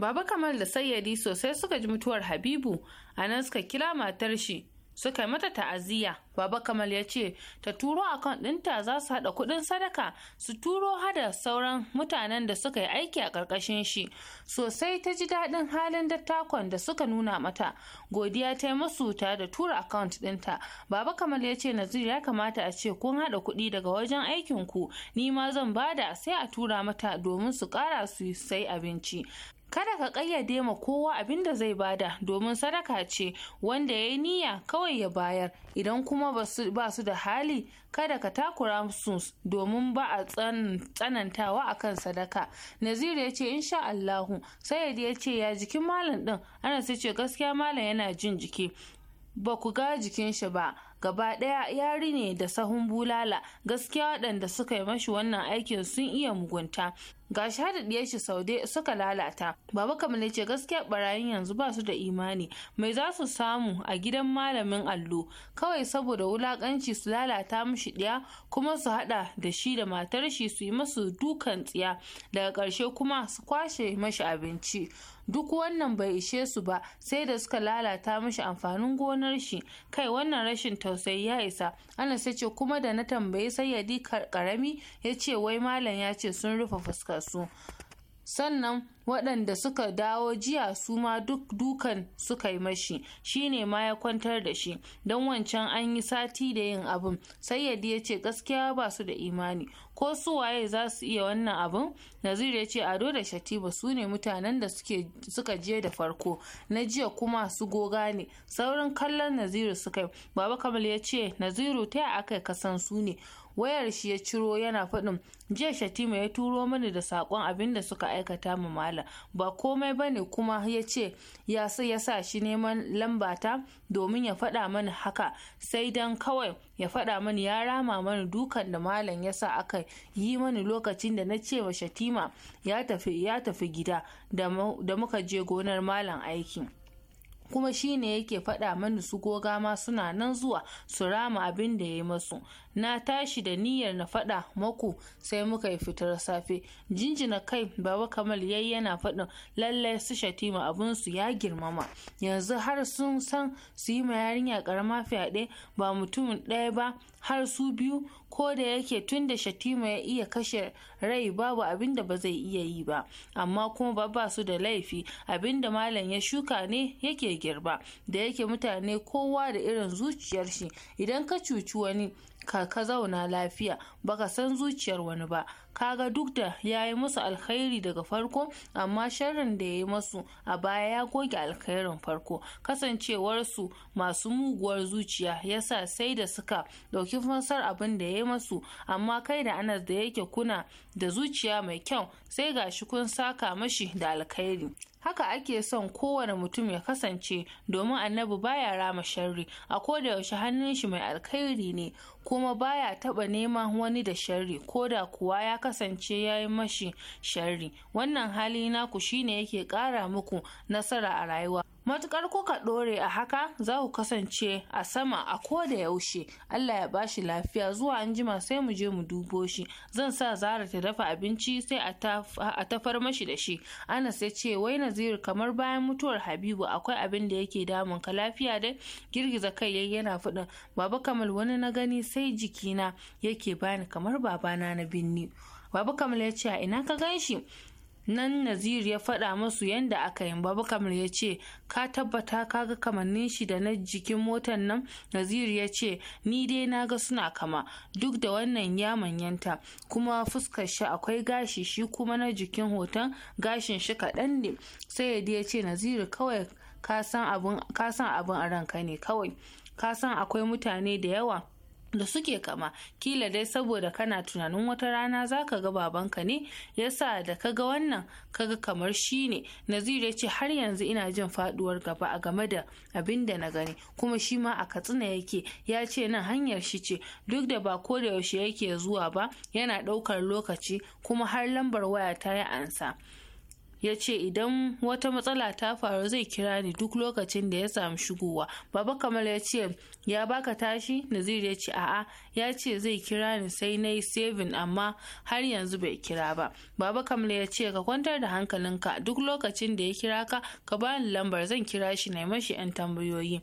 baba kamal da sayyadi sosai suka ji mutuwar habibu a nan suka kira matar shi suka yi mata ta'aziyya baba kamal ya ce ta turo akaunt ɗinta za su haɗa kuɗin sadaka su turo hada sauran mutanen da suka yi aiki a ƙarƙashin shi sosai ta ji daɗin halin dattakon da suka nuna mata godiya ta yi musu ta da tura akaunt ɗinta baba kamal ya ce Naziru ya kamata a ce kun haɗa kuɗi daga wajen aikin ku ni ma zan bada sai a tura mata domin su ƙara su sai abinci kada ka ƙayyade ma kowa abin da zai bada domin sadaka ce wanda ya yi niyya kawai ya bayar idan kuma ba su da hali kada ka takura musu domin ba a tsanantawa akan sadaka nazir ya ce insha allahu sai ya ce ya jikin malam din ana sai ce gaskiya malam yana jin jiki ba ku ga jikin shi ba gaba ɗaya yari ne da sahun bulala gaskiya waɗanda suka yi mashi wannan aikin sun iya mugunta ga shi da diyar shi saude suka lalata baba kamale ce gaskiya barayin yanzu ba su da imani mai za su samu a gidan malamin allo kawai saboda wulakanci su lalata mushi diya kuma su hada da shi da matar shi su yi masu dukan tsiya daga ƙarshe kuma su kwashe mashi abinci duk wannan bai ishe su ba sai da suka lalata mashi amfanin gonar shi kai wannan rashin tausayi ya isa ana sai ce kuma da na tambayi sayyadi karami ya ce wai malam ya ce sun rufe fuskar su sannan waɗanda suka dawo jiya su ma duk dukan suka yi mashi shine ma ya kwantar da shi don wancan an yi sati da yin abin sayyadi ya ce gaskiya ba su da imani ko su waye za su iya wannan abin naziru ya ce ado da shatiba su ne mutanen da suka je da farko na jiya kuma su goga ne saurin kallon naziru suka yi baba kamal ya ce naziru ta aka kasan su ne wayar shi ya ciro yana faɗin jiya shatima ya turo mani da sakon abin da suka aikata mu malam ba komai bane kuma ya ce ya sai ya sa shi neman lambata domin ya faɗa mani haka sai dan kawai ya faɗa mani ya rama mani dukan da malam ya sa aka yi mani lokacin da na ce wa shatima ya tafi gida da muka je gonar malam aiki. kuma shi ne yake faɗa mani su goga ma suna nan zuwa su rama abin da ya yi masu na tashi da niyyar na faɗa maku sai muka yi fitar safe jinjina kai baba kamal yayi yana faɗin lallai su shatima abin su ya girmama yanzu har sun san su yi ma yarinya karama fyaɗe ba mutum ɗaya ba har su biyu ko da yake tun da shatima ya iya kashe rai babu abin da ba zai iya yi ba amma kuma ba ba su da laifi abin da malam ya shuka ne yake girba da yake mutane kowa da irin zuciyar shi idan ka cuci wani ka ka zauna lafiya baka san zuciyar wani ba kaga duk da ya yi musu alkhairi daga farko amma sharrin da ya yi musu a baya ya goge alkhairin farko kasancewarsu masu muguwar zuciya yasa sai da suka ɗauki fansar abin da ya yi musu amma kai da anas da yake kuna da zuciya mai kyau sai ga shi kun saka mashi da alkhairi haka ake son kowane mutum ya kasance domin annabi baya rama sharri a koda yaushe hannun shi mai alkhairi ne kuma baya taba neman wani da sharri ko da kuwa ya kasance ya yi mashi sharri wannan hali naku shine yake kara muku nasara a rayuwa matukar kuka dore a haka za ku kasance a sama a ko da yaushe Allah ya bashi lafiya zuwa anjima sai mu je mu dubo shi zan sa zara ta dafa abinci sai a tafar mashi da shi anas ya ce wai naziru kamar bayan mutuwar habibu akwai abin da yake damun ka lafiya dai girgiza kai yayi yana faɗin baba kamal wani na gani sai jikina yake bani kamar babana na binni babu kamal ya ce a ina ka gan shi nan naziru ya faɗa masu yadda aka yi babu kamar ya ce ka tabbata ka ga kamannin shi da na jikin motan nan naziru ya ce ni dai na ga suna kama duk da wannan ya manyanta kuma fuskar shi akwai gashi shi kuma na jikin hoton gashin shi kaɗan ne sai ya ce naziru kawai ka san abin a ranka ne kawai ka san akwai mutane da yawa da suke kama kila dai saboda kana tunanin wata rana za ka ga babanka ne yasa da ka ga wannan kaga kamar shi ne naziru ya ce har yanzu ina jin faduwar gaba a game da abin da na gani kuma shi ma a katsina yake ya ce nan hanyar shi ce duk da ba ko da yaushe yake zuwa ba yana ɗaukar lokaci kuma har lambar waya ta yi ansa ya ce idan wata matsala ta faru zai kira ni duk lokacin da ya samu shigowa baba kamar ya ce ya baka tashi nazir ya ce a'a ya ce zai kira ni sai na yi saving amma har yanzu bai kira ba baba kamar ya ce ka kwantar da hankalinka duk lokacin da ya kira ka ka bani lambar zan kira shi na mashi 'yan tambayoyi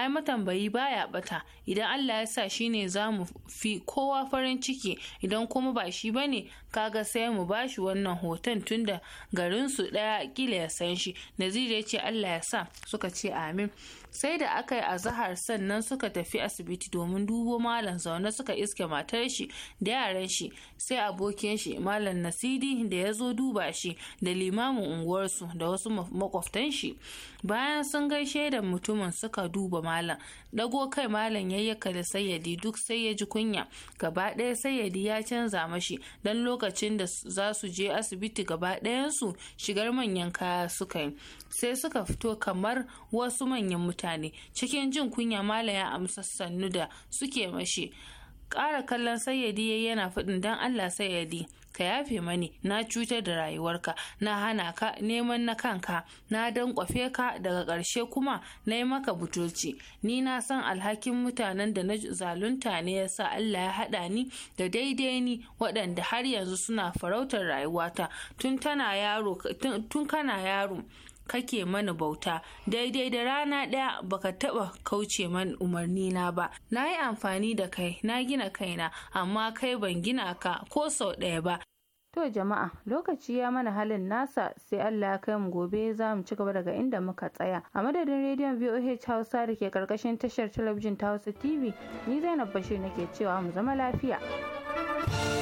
ai matambayi baya bata idan Allah ya sa shine za mu fi kowa farin ciki idan kuma ba shi ba ne kaga sai mu ba shi wannan hoton tunda garinsu daya kila ya san shi nazir ya ce Allah ya sa suka ce amin sai da aka yi azahar sannan suka tafi asibiti domin dubo malam zaune suka iske matar shi da yaran shi sai abokin shi malam nasidi da ya zo duba shi da limamin unguwarsu da wasu makwaftan shi bayan sun gaishe da mutumin suka duba malam dago kai malam yayyaka da sayyadi duk sai ya ji kunya gaba ɗaya sayyadi ya canza mashi dan lokacin da za su je asibiti gaba ɗayansu shigar manyan kaya suka yi sai suka fito kamar wasu manyan mutane mutane cikin jin kunya malam ya amsa sannu da suke mashi ƙara kallon sayyadi ya yana faɗin don allah sayyadi ka yafe mani na cutar da rayuwarka na hana ka neman na kanka na kwafe ka daga ƙarshe kuma na yi maka butoci ni na san alhakin mutanen da na zalunta ne ya sa allah ya haɗa ni da daidai ni waɗanda har yanzu suna farautar rayuwata tun kana yaro kake mana bauta daidai da rana ɗaya baka taɓa kauce man umarni na ba na yi amfani da kai na gina kaina amma kai ban gina ka ko sau ɗaya ba to jama'a lokaci ya mana halin nasa sai allah ya kai mu gobe za mu ci gaba daga inda muka tsaya a madadin rediyon voh hausa da ke karkashin tashar talabijin ta hausa tv ni zainab bashir nake cewa mu zama lafiya thank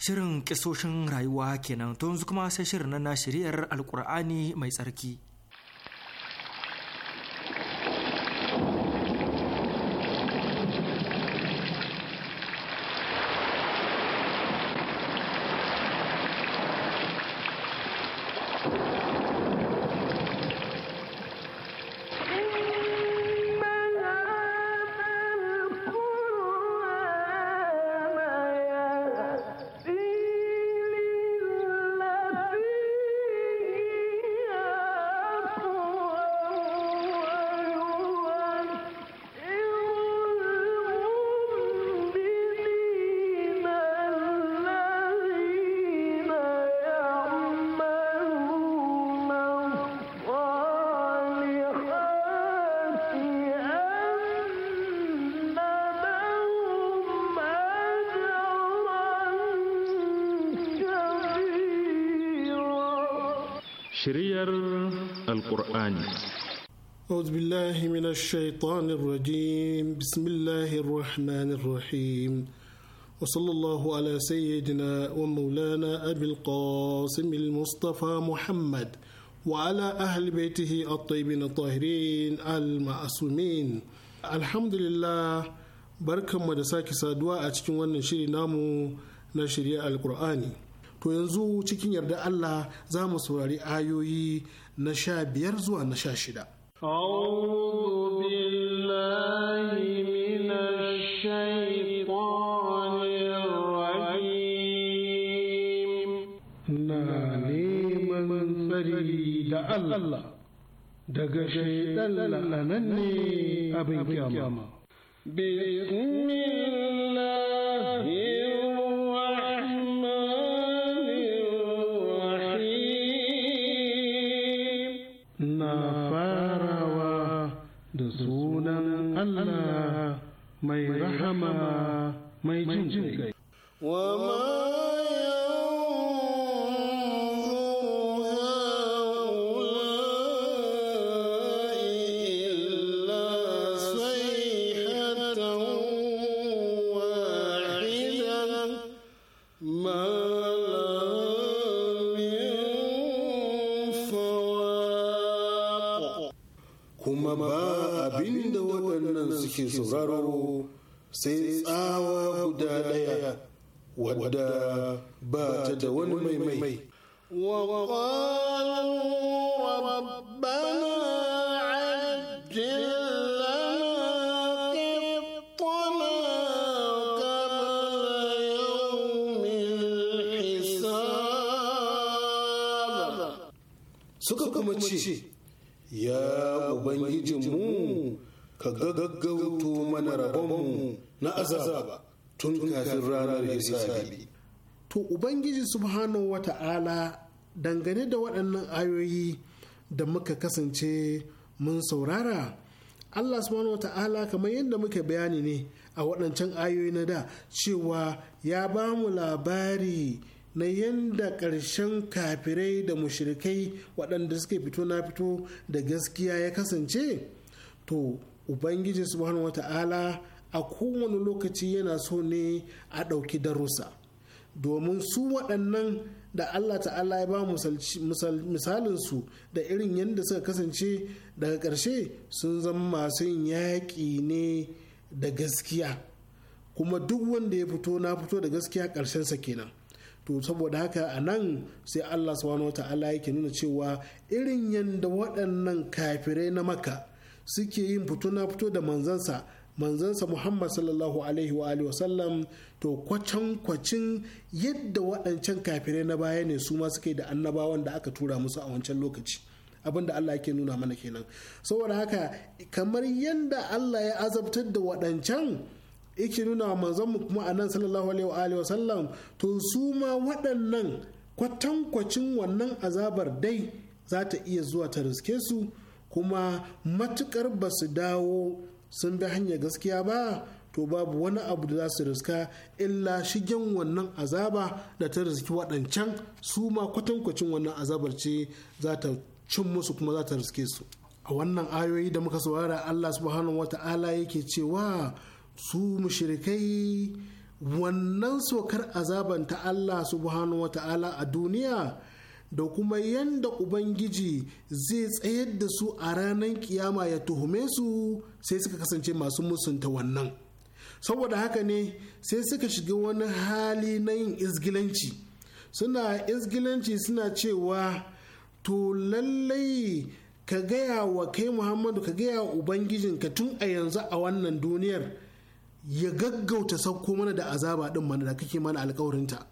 Shirin kisoshin rayuwa kenan to yanzu kuma sai shirin na shiriyar Alkur'ani mai tsarki. شرير القرآن أعوذ بالله من الشيطان الرجيم بسم الله الرحمن الرحيم وصلى الله على سيدنا ومولانا أبي القاسم المصطفى محمد وعلى أهل بيته الطيبين الطاهرين المعصومين الحمد لله بركة مدساك سادوا أتكون شيري نامو نشري القرآني to yanzu cikin yarda Allah za mu saurari ayoyi na sha biyar zuwa na sha shida. neman tsari da Allah daga shaidan lalanan ne abin kyama. Bismillah Allah mai rahama mai jin kai. ودا بات والميمي وقالوا ربنا عجل suka kuma ce ya ubangijinmu ka gaggauto mana rabonmu na azaba tun kafin ranar hisabi to ubangiji subhanahu ta'ala, dangane da waɗannan ayoyi da muka kasance mun saurara Allah subhanahu ta'ala kamar yadda muka bayani ne a waɗancan ayoyi na da cewa ya ba mu labari na yadda ƙarshen kafirai da mushirikai waɗanda suke fito na fito da gaskiya ya kasance to ubangiji subhanahu ta'ala. a kowane lokaci yana so ne a ɗauki darussa domin su waɗannan da Allah ta'ala ya ba misalin su da irin yadda suka kasance daga ƙarshe sun zama masu yin yaƙi ne da gaskiya kuma duk wanda ya fito na fito da gaskiya ƙarshensa kenan to saboda haka a nan sai Allah subhanahu wa ta'ala yake nuna cewa irin yadda waɗannan kafirai na maka suke yin fito na fito da manzansa manzansa muhammad sallallahu alaihi wa alihi wasallam to kwacan kwacin yadda waɗancan kafirai na baya ne su ma suke da annabawan da aka tura musu a wancan lokaci abin da Allah yake nuna mana kenan saboda haka kamar yadda Allah ya azabtar da waɗancan yake nuna manzanmu kuma a nan sallallahu alaihi wa sallam to su ma waɗannan kwacin wannan azabar dai za ta iya zuwa ta riske su kuma matukar ba su dawo sun bi hanyar gaskiya ba to babu wani abu da za su riska illa shigen wannan azaba da ta riski waɗancan su ma kwatankwacin wannan azabar ce za ta cin musu kuma za ta riske su a wannan ayoyi da muka saurara Allah subhanahu ta'ala yake cewa su mushrikai wannan sokar azaban ta Allah subhanahu ta'ala a duniya da kuma yadda ubangiji zai tsayar da su a ranar kiyama ya tuhume su sai suka kasance masu musunta wannan saboda haka ne sai suka shiga wani hali na yin izgilanci suna izgilanci suna cewa to lallai ka gaya wa kai muhammadu ka gaya wa ka tun a yanzu a wannan duniyar ya gaggauta sauko mana da azaba din mana da kake mana alkawarinta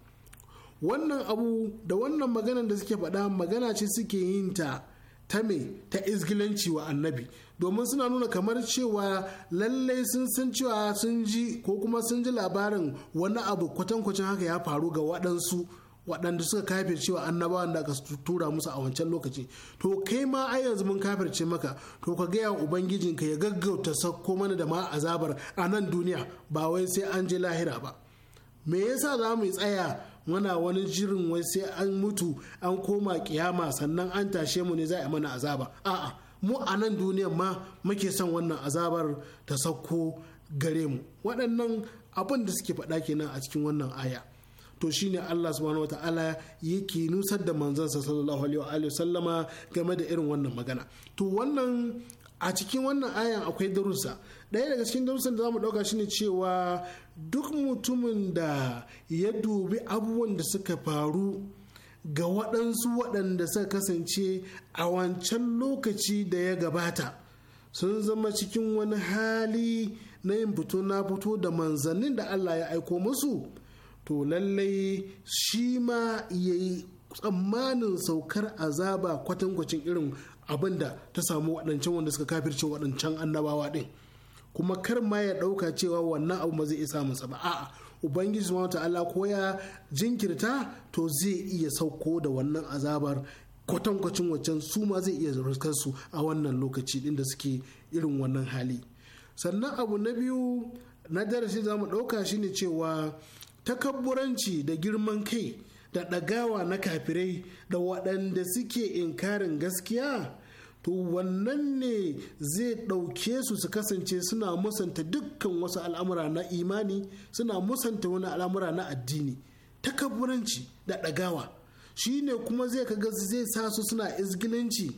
wannan abu da wannan maganan da suke faɗa magana ce suke yin ta ta me ta izgilanci wa annabi domin suna nuna kamar cewa lallai sun san cewa sun ji ko kuma sun ji labarin wani abu kwatankwacin haka ya faru ga waɗansu waɗanda suka kafir cewa annabawan da aka tura musu a wancan lokaci to kai ma ai yanzu mun kafirce maka to ka gaya ubangijinka ya gaggauta sakko mana da ma azabar a nan duniya ba wai sai an je lahira ba me yasa za mu tsaya muna wani jirin wai sai an mutu an koma kiyama sannan an tashe mu ne za a mana azaba a'a mu a nan duniyan ma muke son wannan azabar ta sauko gare mu waɗannan abin da suke faɗa kenan a cikin wannan aya to shine Allah subhanahu wata'ala yake nusar da manzansa sallallahu alaihi wa sallama game da irin wannan magana to wannan a cikin wannan ayan akwai darussa ɗaya daga cikin darussan da zamu ɗauka shine cewa duk mutumin da ya dubi abubuwan da suka faru ga waɗansu waɗanda suka kasance a wancan lokaci da ya gabata sun zama cikin wani hali na yin fito na fito da manzannin da Allah ya aiko musu to lallai shi ma ya yi tsammanin saukar azaba kwatankwacin irin abin da ta samu waɗancan wanda suka kafirce waɗancan annabawa ɗin kuma kar ma ya ɗauka cewa wannan abu ba zai isa samun ba a'a ubangiji subhanahu ta'ala ko ya jinkirta to zai iya sauko da wannan azabar kwatankwacin waccan su ma zai iya zarurkar su a wannan lokaci din da suke irin wannan hali sannan abu na biyu na darasi za mu ɗauka shine cewa takabburanci da girman kai da ɗagawa na kafirai da waɗanda suke inkarin gaskiya to wannan ne zai ɗauke su su kasance suna musanta dukkan wasu al'amura na imani suna musanta wani al'amura na addini takabburanci da ɗagawa shi ne kuma zai kaga zai sa su suna izgilanci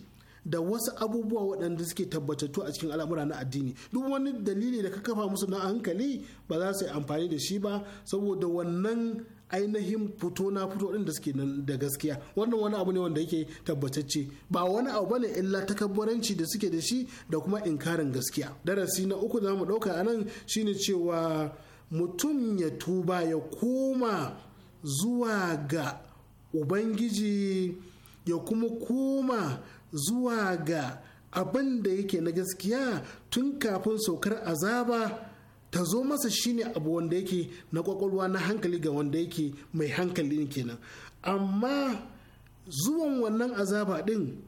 da wasu abubuwa waɗanda suke tabbatattu a cikin al'amura na addini duk wani dalili da ka kafa musu na hankali ba za su yi amfani da shi ba saboda wannan ainihin fito na fito din da suke nan da gaskiya wannan wani abu ne wanda yake tabbatacce ba wani abu bane illa takabbaranci da suke da shi da kuma inkarin gaskiya darasi na uku da mu dauka anan shine cewa mutum ya tuba ya koma zuwa ga ubangiji ya kuma koma zuwa ga abin da yake na gaskiya tun kafin saukar azaba ta zo masa shine abu wanda yake na kwakwalwa na hankali ga wanda yake mai hankali kenan amma zuwan wannan azaba din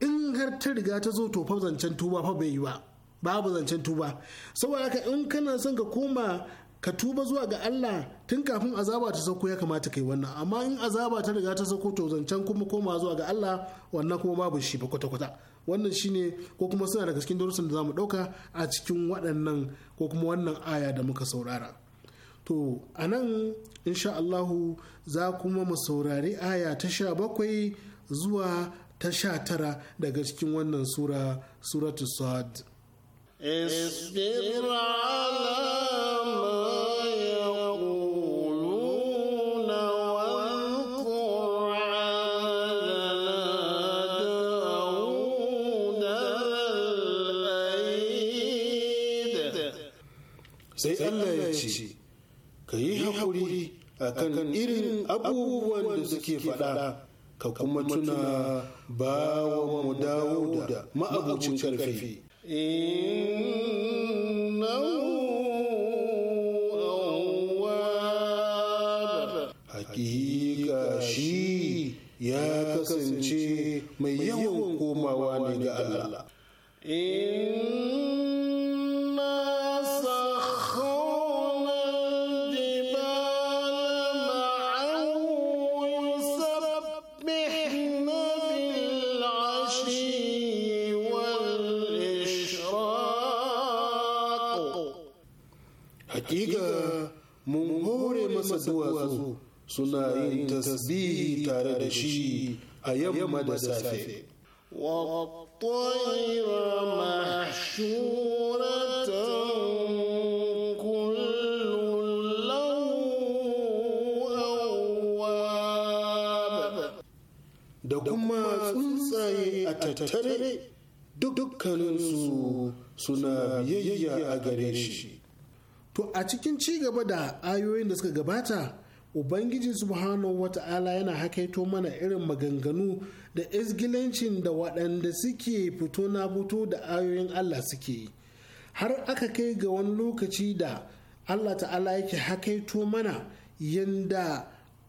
in har ta riga ta zo to fa zancen tuba fa bai yi ba babu zancen tuba saboda haka in kana son ka koma ka tuba zuwa ga Allah tun kafin azaba ta sauko ya kamata kai wannan amma in azaba ta riga ta sauko to zancen kuma koma zuwa ga Allah wannan kuma babu shi ba kwata-kwata wannan shine ko kuma suna daga cikin darussan da za mu ɗauka a cikin waɗannan ko kuma wannan aya da muka saurara to a nan insha Allahu za kuma mu saurari aya ta sha bakwai zuwa ta sha tara daga cikin wannan sura suratu sad. akan irin abubuwan da suke faɗa ka kuma tuna bawa mu dawo da ma'abucin karfi hakika shi ya kasance mai yawan komawa ne ga Allah. duwatsu suna yin tasbihi tare da shi a yamma da safe والطير محشورة كل له أواب da kuma tsuntsaye a tattare dukkaninsu suna biyayya a gare shi to a cikin ci gaba da ayoyin da suka gabata ubangiji subhanahu wata'ala yana hakaito mana irin maganganu da izgilancin da waɗanda suke fito na fito da ayoyin allah suke yi har aka kai ga wani lokaci da allah ta'ala yake hakaito mana yadda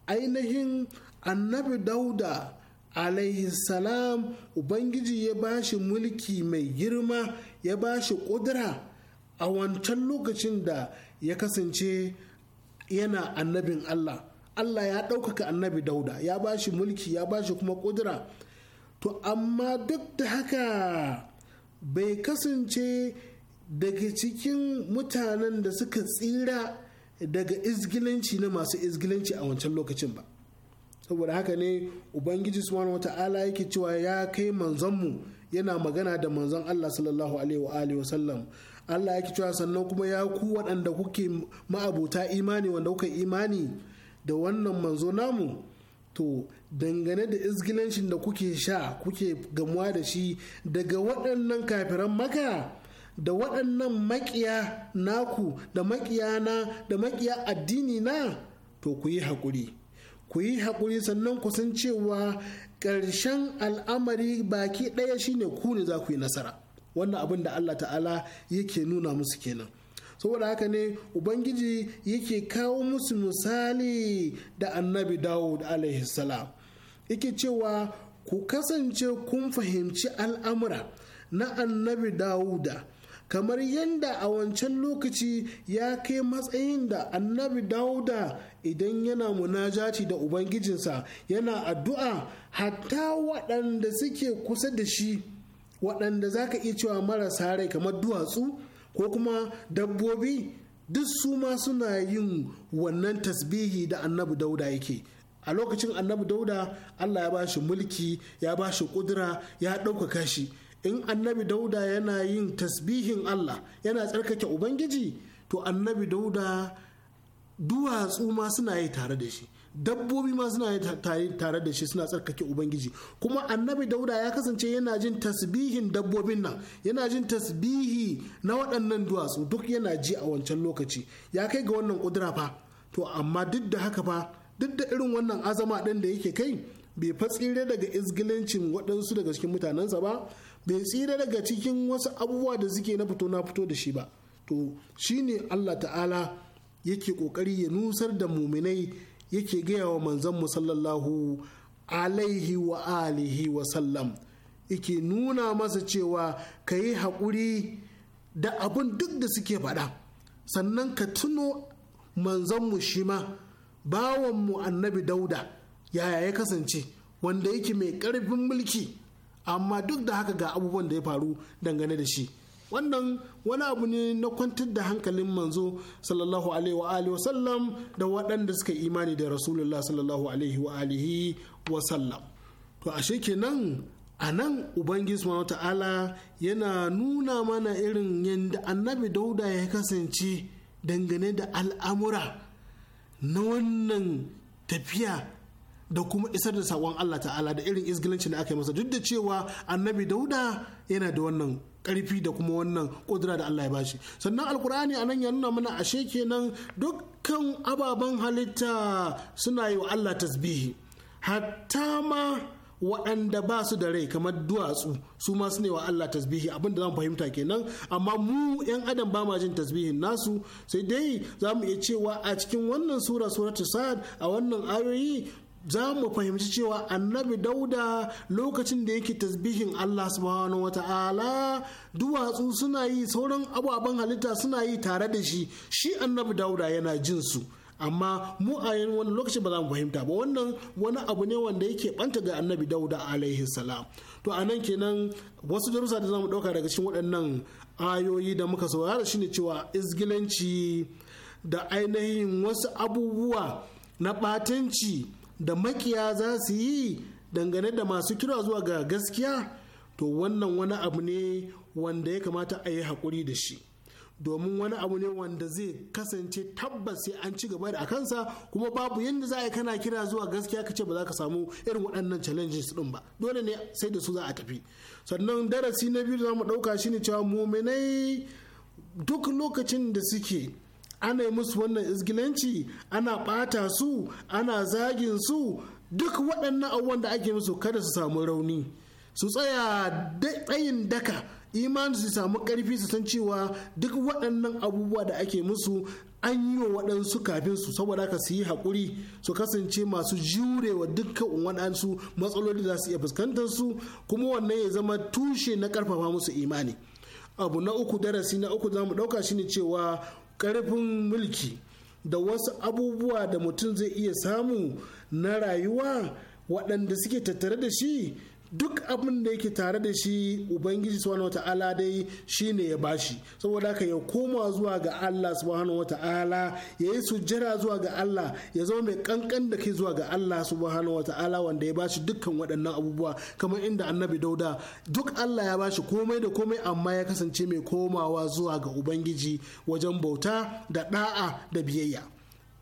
ainihin annabi dauda alaihi salam ubangiji ya bashi mulki mai girma ya bashi ƙudura a wancan lokacin da ya kasance yana annabin Allah Allah ya ɗaukaka annabi dauda ya ba shi mulki ya ba shi kuma ƙudura to amma duk da haka bai kasance daga cikin mutanen da suka tsira daga izgilanci na masu izgilanci a wancan lokacin ba saboda haka ne ubangiji subhanahu wata'ala yake cewa ya kai manzonmu yana magana da manzon Allah sallallahu alaihi wa sallam Allah yake cewa sannan kuma ya ku waɗanda kuke ma'abuta imani wanda kuka imani da wannan manzo namu to dangane da izgilancin da kuke sha kuke gamuwa da shi daga waɗannan kafiran maka da waɗannan maƙiya naku da makiya na da maƙiya addini na to ku yi haƙuri ku yi haƙuri sannan ku san cewa ƙarshen al'amari baki ɗaya shine ku ne za ku yi nasara wannan abin da Allah ta'ala yake nuna musu kenan saboda haka ne ubangiji yake kawo musu misali da annabi dawud salam yake cewa ku kasance kun fahimci al'amura na annabi dawuda kamar yadda a wancan lokaci ya kai matsayin da annabi Dawuda idan yana munajaci da ubangijinsa yana addu'a hatta waɗanda suke kusa da shi waɗanda za ka iya cewa marasa rai kamar duwatsu ko kuma dabbobi duk su ma suna yin wannan tasbihi da annabi dauda yake a lokacin annabi dauda allah ya ba shi mulki ya ba shi kudura ya ɗaukaka shi in annabi dauda yana yin tasbihin allah yana tsarkake ubangiji to annabi dauda duwatsu ma suna yi tare da shi dabbobi ma suna tare tare da shi suna tsarkake ubangiji kuma annabi dauda ya kasance yana jin tasbihin dabbobin nan yana jin tasbihi na waɗannan duwatsu duk yana ji a wancan lokaci ya kai ga wannan kudura fa to amma duk da haka fa duk da irin wannan azama ɗin da yake kai bai fatsire daga izgilancin waɗansu daga cikin mutanensa ba bai tsire daga cikin wasu abubuwa da suke na fito na fito da shi ba to shine Allah ta'ala yake kokari ya nusar da muminai yake gaya wa manzanmu sallallahu alaihi wa alihi wa sallam yake nuna masa cewa ka yi haƙuri da abin duk da suke faɗa sannan ka tuno manzonmu shi ma bawanmu annabi dauda yaya ya kasance wanda yake mai ƙarfin mulki amma duk da haka ga abubuwan da ya faru dangane da shi wannan wani abu ne na kwantar da hankalin manzo sallallahu alaihi wa alihi wa sallam da waɗanda suka yi imani da rasulullah sallallahu alaihi wa alihi wa sallam to ashe kenan a nan ubangiji subhanahu ta'ala yana nuna mana irin yadda annabi dauda ya kasance dangane da al'amura na wannan tafiya da kuma isar da saƙon Allah ta'ala da irin izgilancin da aka yi masa duk da cewa annabi dauda yana da wannan karfi da kuma wannan kudura da Allah ya bashi sannan alkur'ani a nan ya nuna mana ashe kenan dukkan ababen halitta suna yi wa Allah tasbihi hatta ma waɗanda ba su da rai kamar duwatsu su ma su ne wa Allah tasbihi abin da zamu fahimta kenan amma mu yan adam ba ma jin tasbihin nasu sai dai za mu iya cewa a cikin wannan sura suratu sa'ad a wannan ayoyi za mu fahimci cewa annabi dauda lokacin da yake tasbihin Allah subhanahu ta'ala duwatsu suna yi sauran ababen halitta suna yi tare da shi shi annabi dauda yana jin su amma mu a wani lokaci ba za mu fahimta ba wannan wani abu ne wanda yake banta ga annabi dauda alaihi salam to a nan kenan wasu darussa da za mu ɗauka daga cikin waɗannan ayoyi da muka saurara shine cewa izgilanci da ainihin wasu abubuwa na ɓatanci da makiya za su yi dangane da masu kira zuwa ga gaskiya to wannan wani abu ne wanda ya kamata a yi haƙuri da shi domin wani abu ne wanda zai kasance tabbas sai an ci gaba da akansa kuma babu yadda za a yi kana kira zuwa gaskiya kace ba za ka samu irin waɗannan challenges ɗin ba dole ne sai da su za a tafi sannan darasi na biyu za mu ɗauka shine cewa muminai duk lokacin da suke ana yi musu wannan izgilanci ana ɓata su ana zagin su duk waɗannan abubuwan da ake musu kada su samu rauni su tsaya tsayin daka imanin su samu ƙarfi su san cewa duk waɗannan abubuwa da ake musu an yi wa waɗansu kafin su saboda ka su yi haƙuri su kasance masu jurewa dukkan waɗansu matsaloli da su iya fuskantar su kuma wannan ya zama tushe na ƙarfafa musu imani abu na uku darasi na uku za mu ɗauka shine cewa karfin mulki da wasu abubuwa da mutum zai iya samu na rayuwa waɗanda suke tattare da shi duk abin da yake tare da shi ubangiji subhanahu wata'ala dai shine ya bashi saboda haka ya koma zuwa ga Allah subhanahu wata'ala ya yi sujjara zuwa ga Allah ya zama mai kankan da kai zuwa ga Allah subhanahu wata'ala wanda ya bashi dukkan waɗannan abubuwa kamar inda annabi dauda duk Allah ya bashi komai da komai amma ya kasance mai komawa zuwa ga ubangiji wajen bauta da da'a da biyayya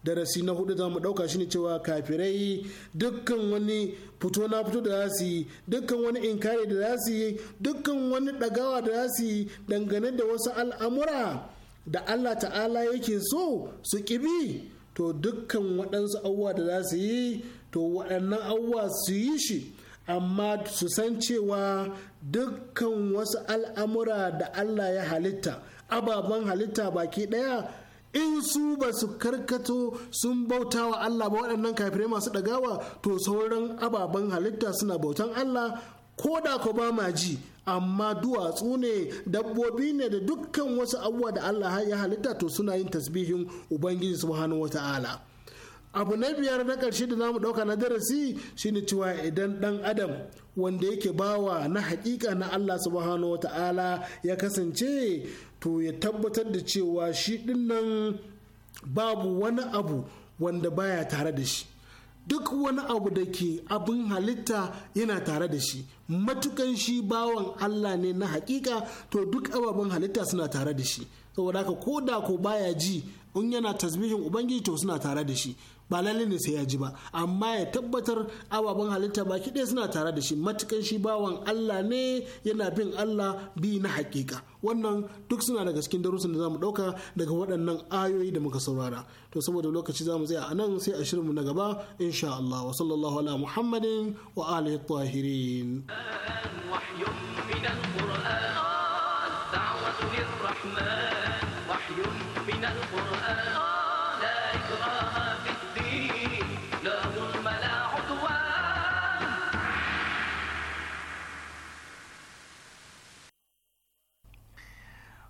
darasi na hudu za mu dauka shine cewa kafirai dukkan wani fito na fito da za su yi dukkan wani inkari da za su yi dukkan wani dagawa da za su yi dangane da wasu al'amura da Allah ta'ala yake so su kibi to dukkan waɗansu abubuwa da za su yi to waɗannan abubuwa su yi shi amma su san cewa dukkan wasu al'amura da Allah ya halitta ababen halitta baki ɗaya in su ba su karkato sun bauta wa Allah ba waɗannan kafirai masu ɗagawa to sauran ababen halitta suna bautan Allah ko da ko ba ma ji amma duwatsu ne dabbobi ne da dukkan wasu abubuwa da Allah ya halitta to suna yin tasbihin Ubangiji subhanahu wata'ala abu na biyar na ƙarshe da namu ɗauka na darasi shine cewa idan ɗan adam wanda yake bawa na haƙiƙa na Allah subhanahu wata'ala ya kasance to ya tabbatar da cewa shi dinnan babu wani abu wanda baya tare da shi duk wani abu da ke abin halitta yana tare da shi matukan shi bawan Allah ne na hakika to duk ababen halitta suna tare da shi saboda haka ko da ko baya ji in yana tasbihin ubangiji to suna tare da shi ba lalle ne sai ya ji ba amma ya tabbatar ababen halitta baki ɗaya suna tare da shi matukan shi bawan Allah ne yana bin Allah bi na hakika wannan duk suna daga cikin darussan da zamu ɗauka daga waɗannan ayoyi da muka saurara to saboda lokaci zamu tsaya anan sai a shirinmu na gaba insha Allah wa sallallahu ala muhammadin wa alihi tahirin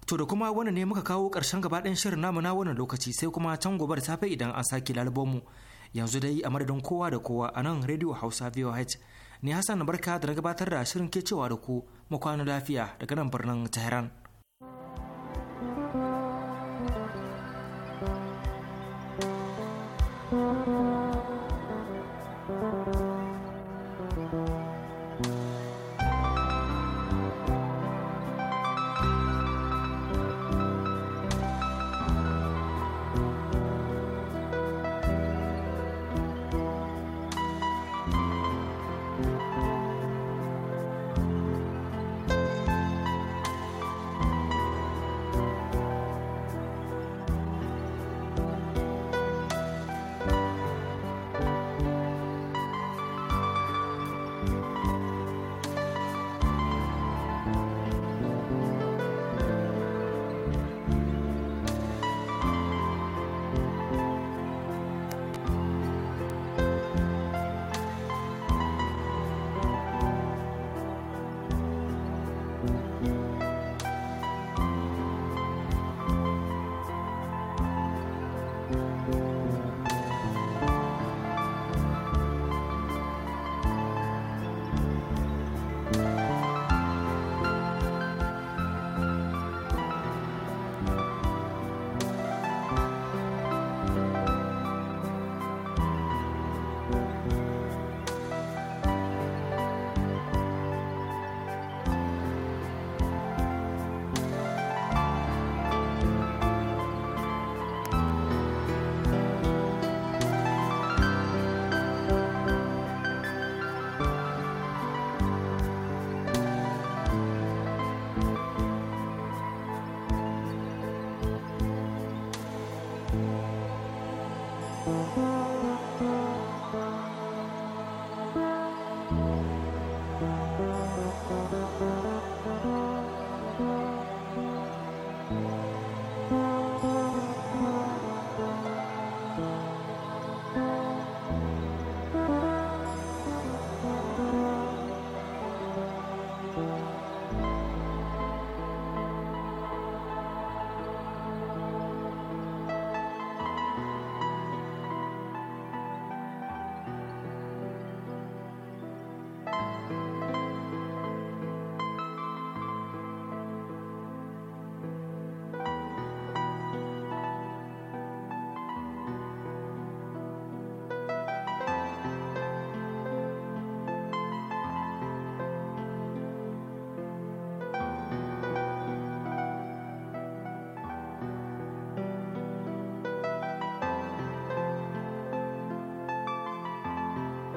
To da kuma wani ne muka kawo ƙarshen gaba ɗayan shirin namu na wannan lokaci sai kuma can gobe da safe idan an sake mu Yanzu dai a madadin kowa da kowa a nan Radio Hausa VOH. Ni Hassan Barka da na gabatar da shirin ke cewa da ku mu lafiya daga nan birnin Tehran.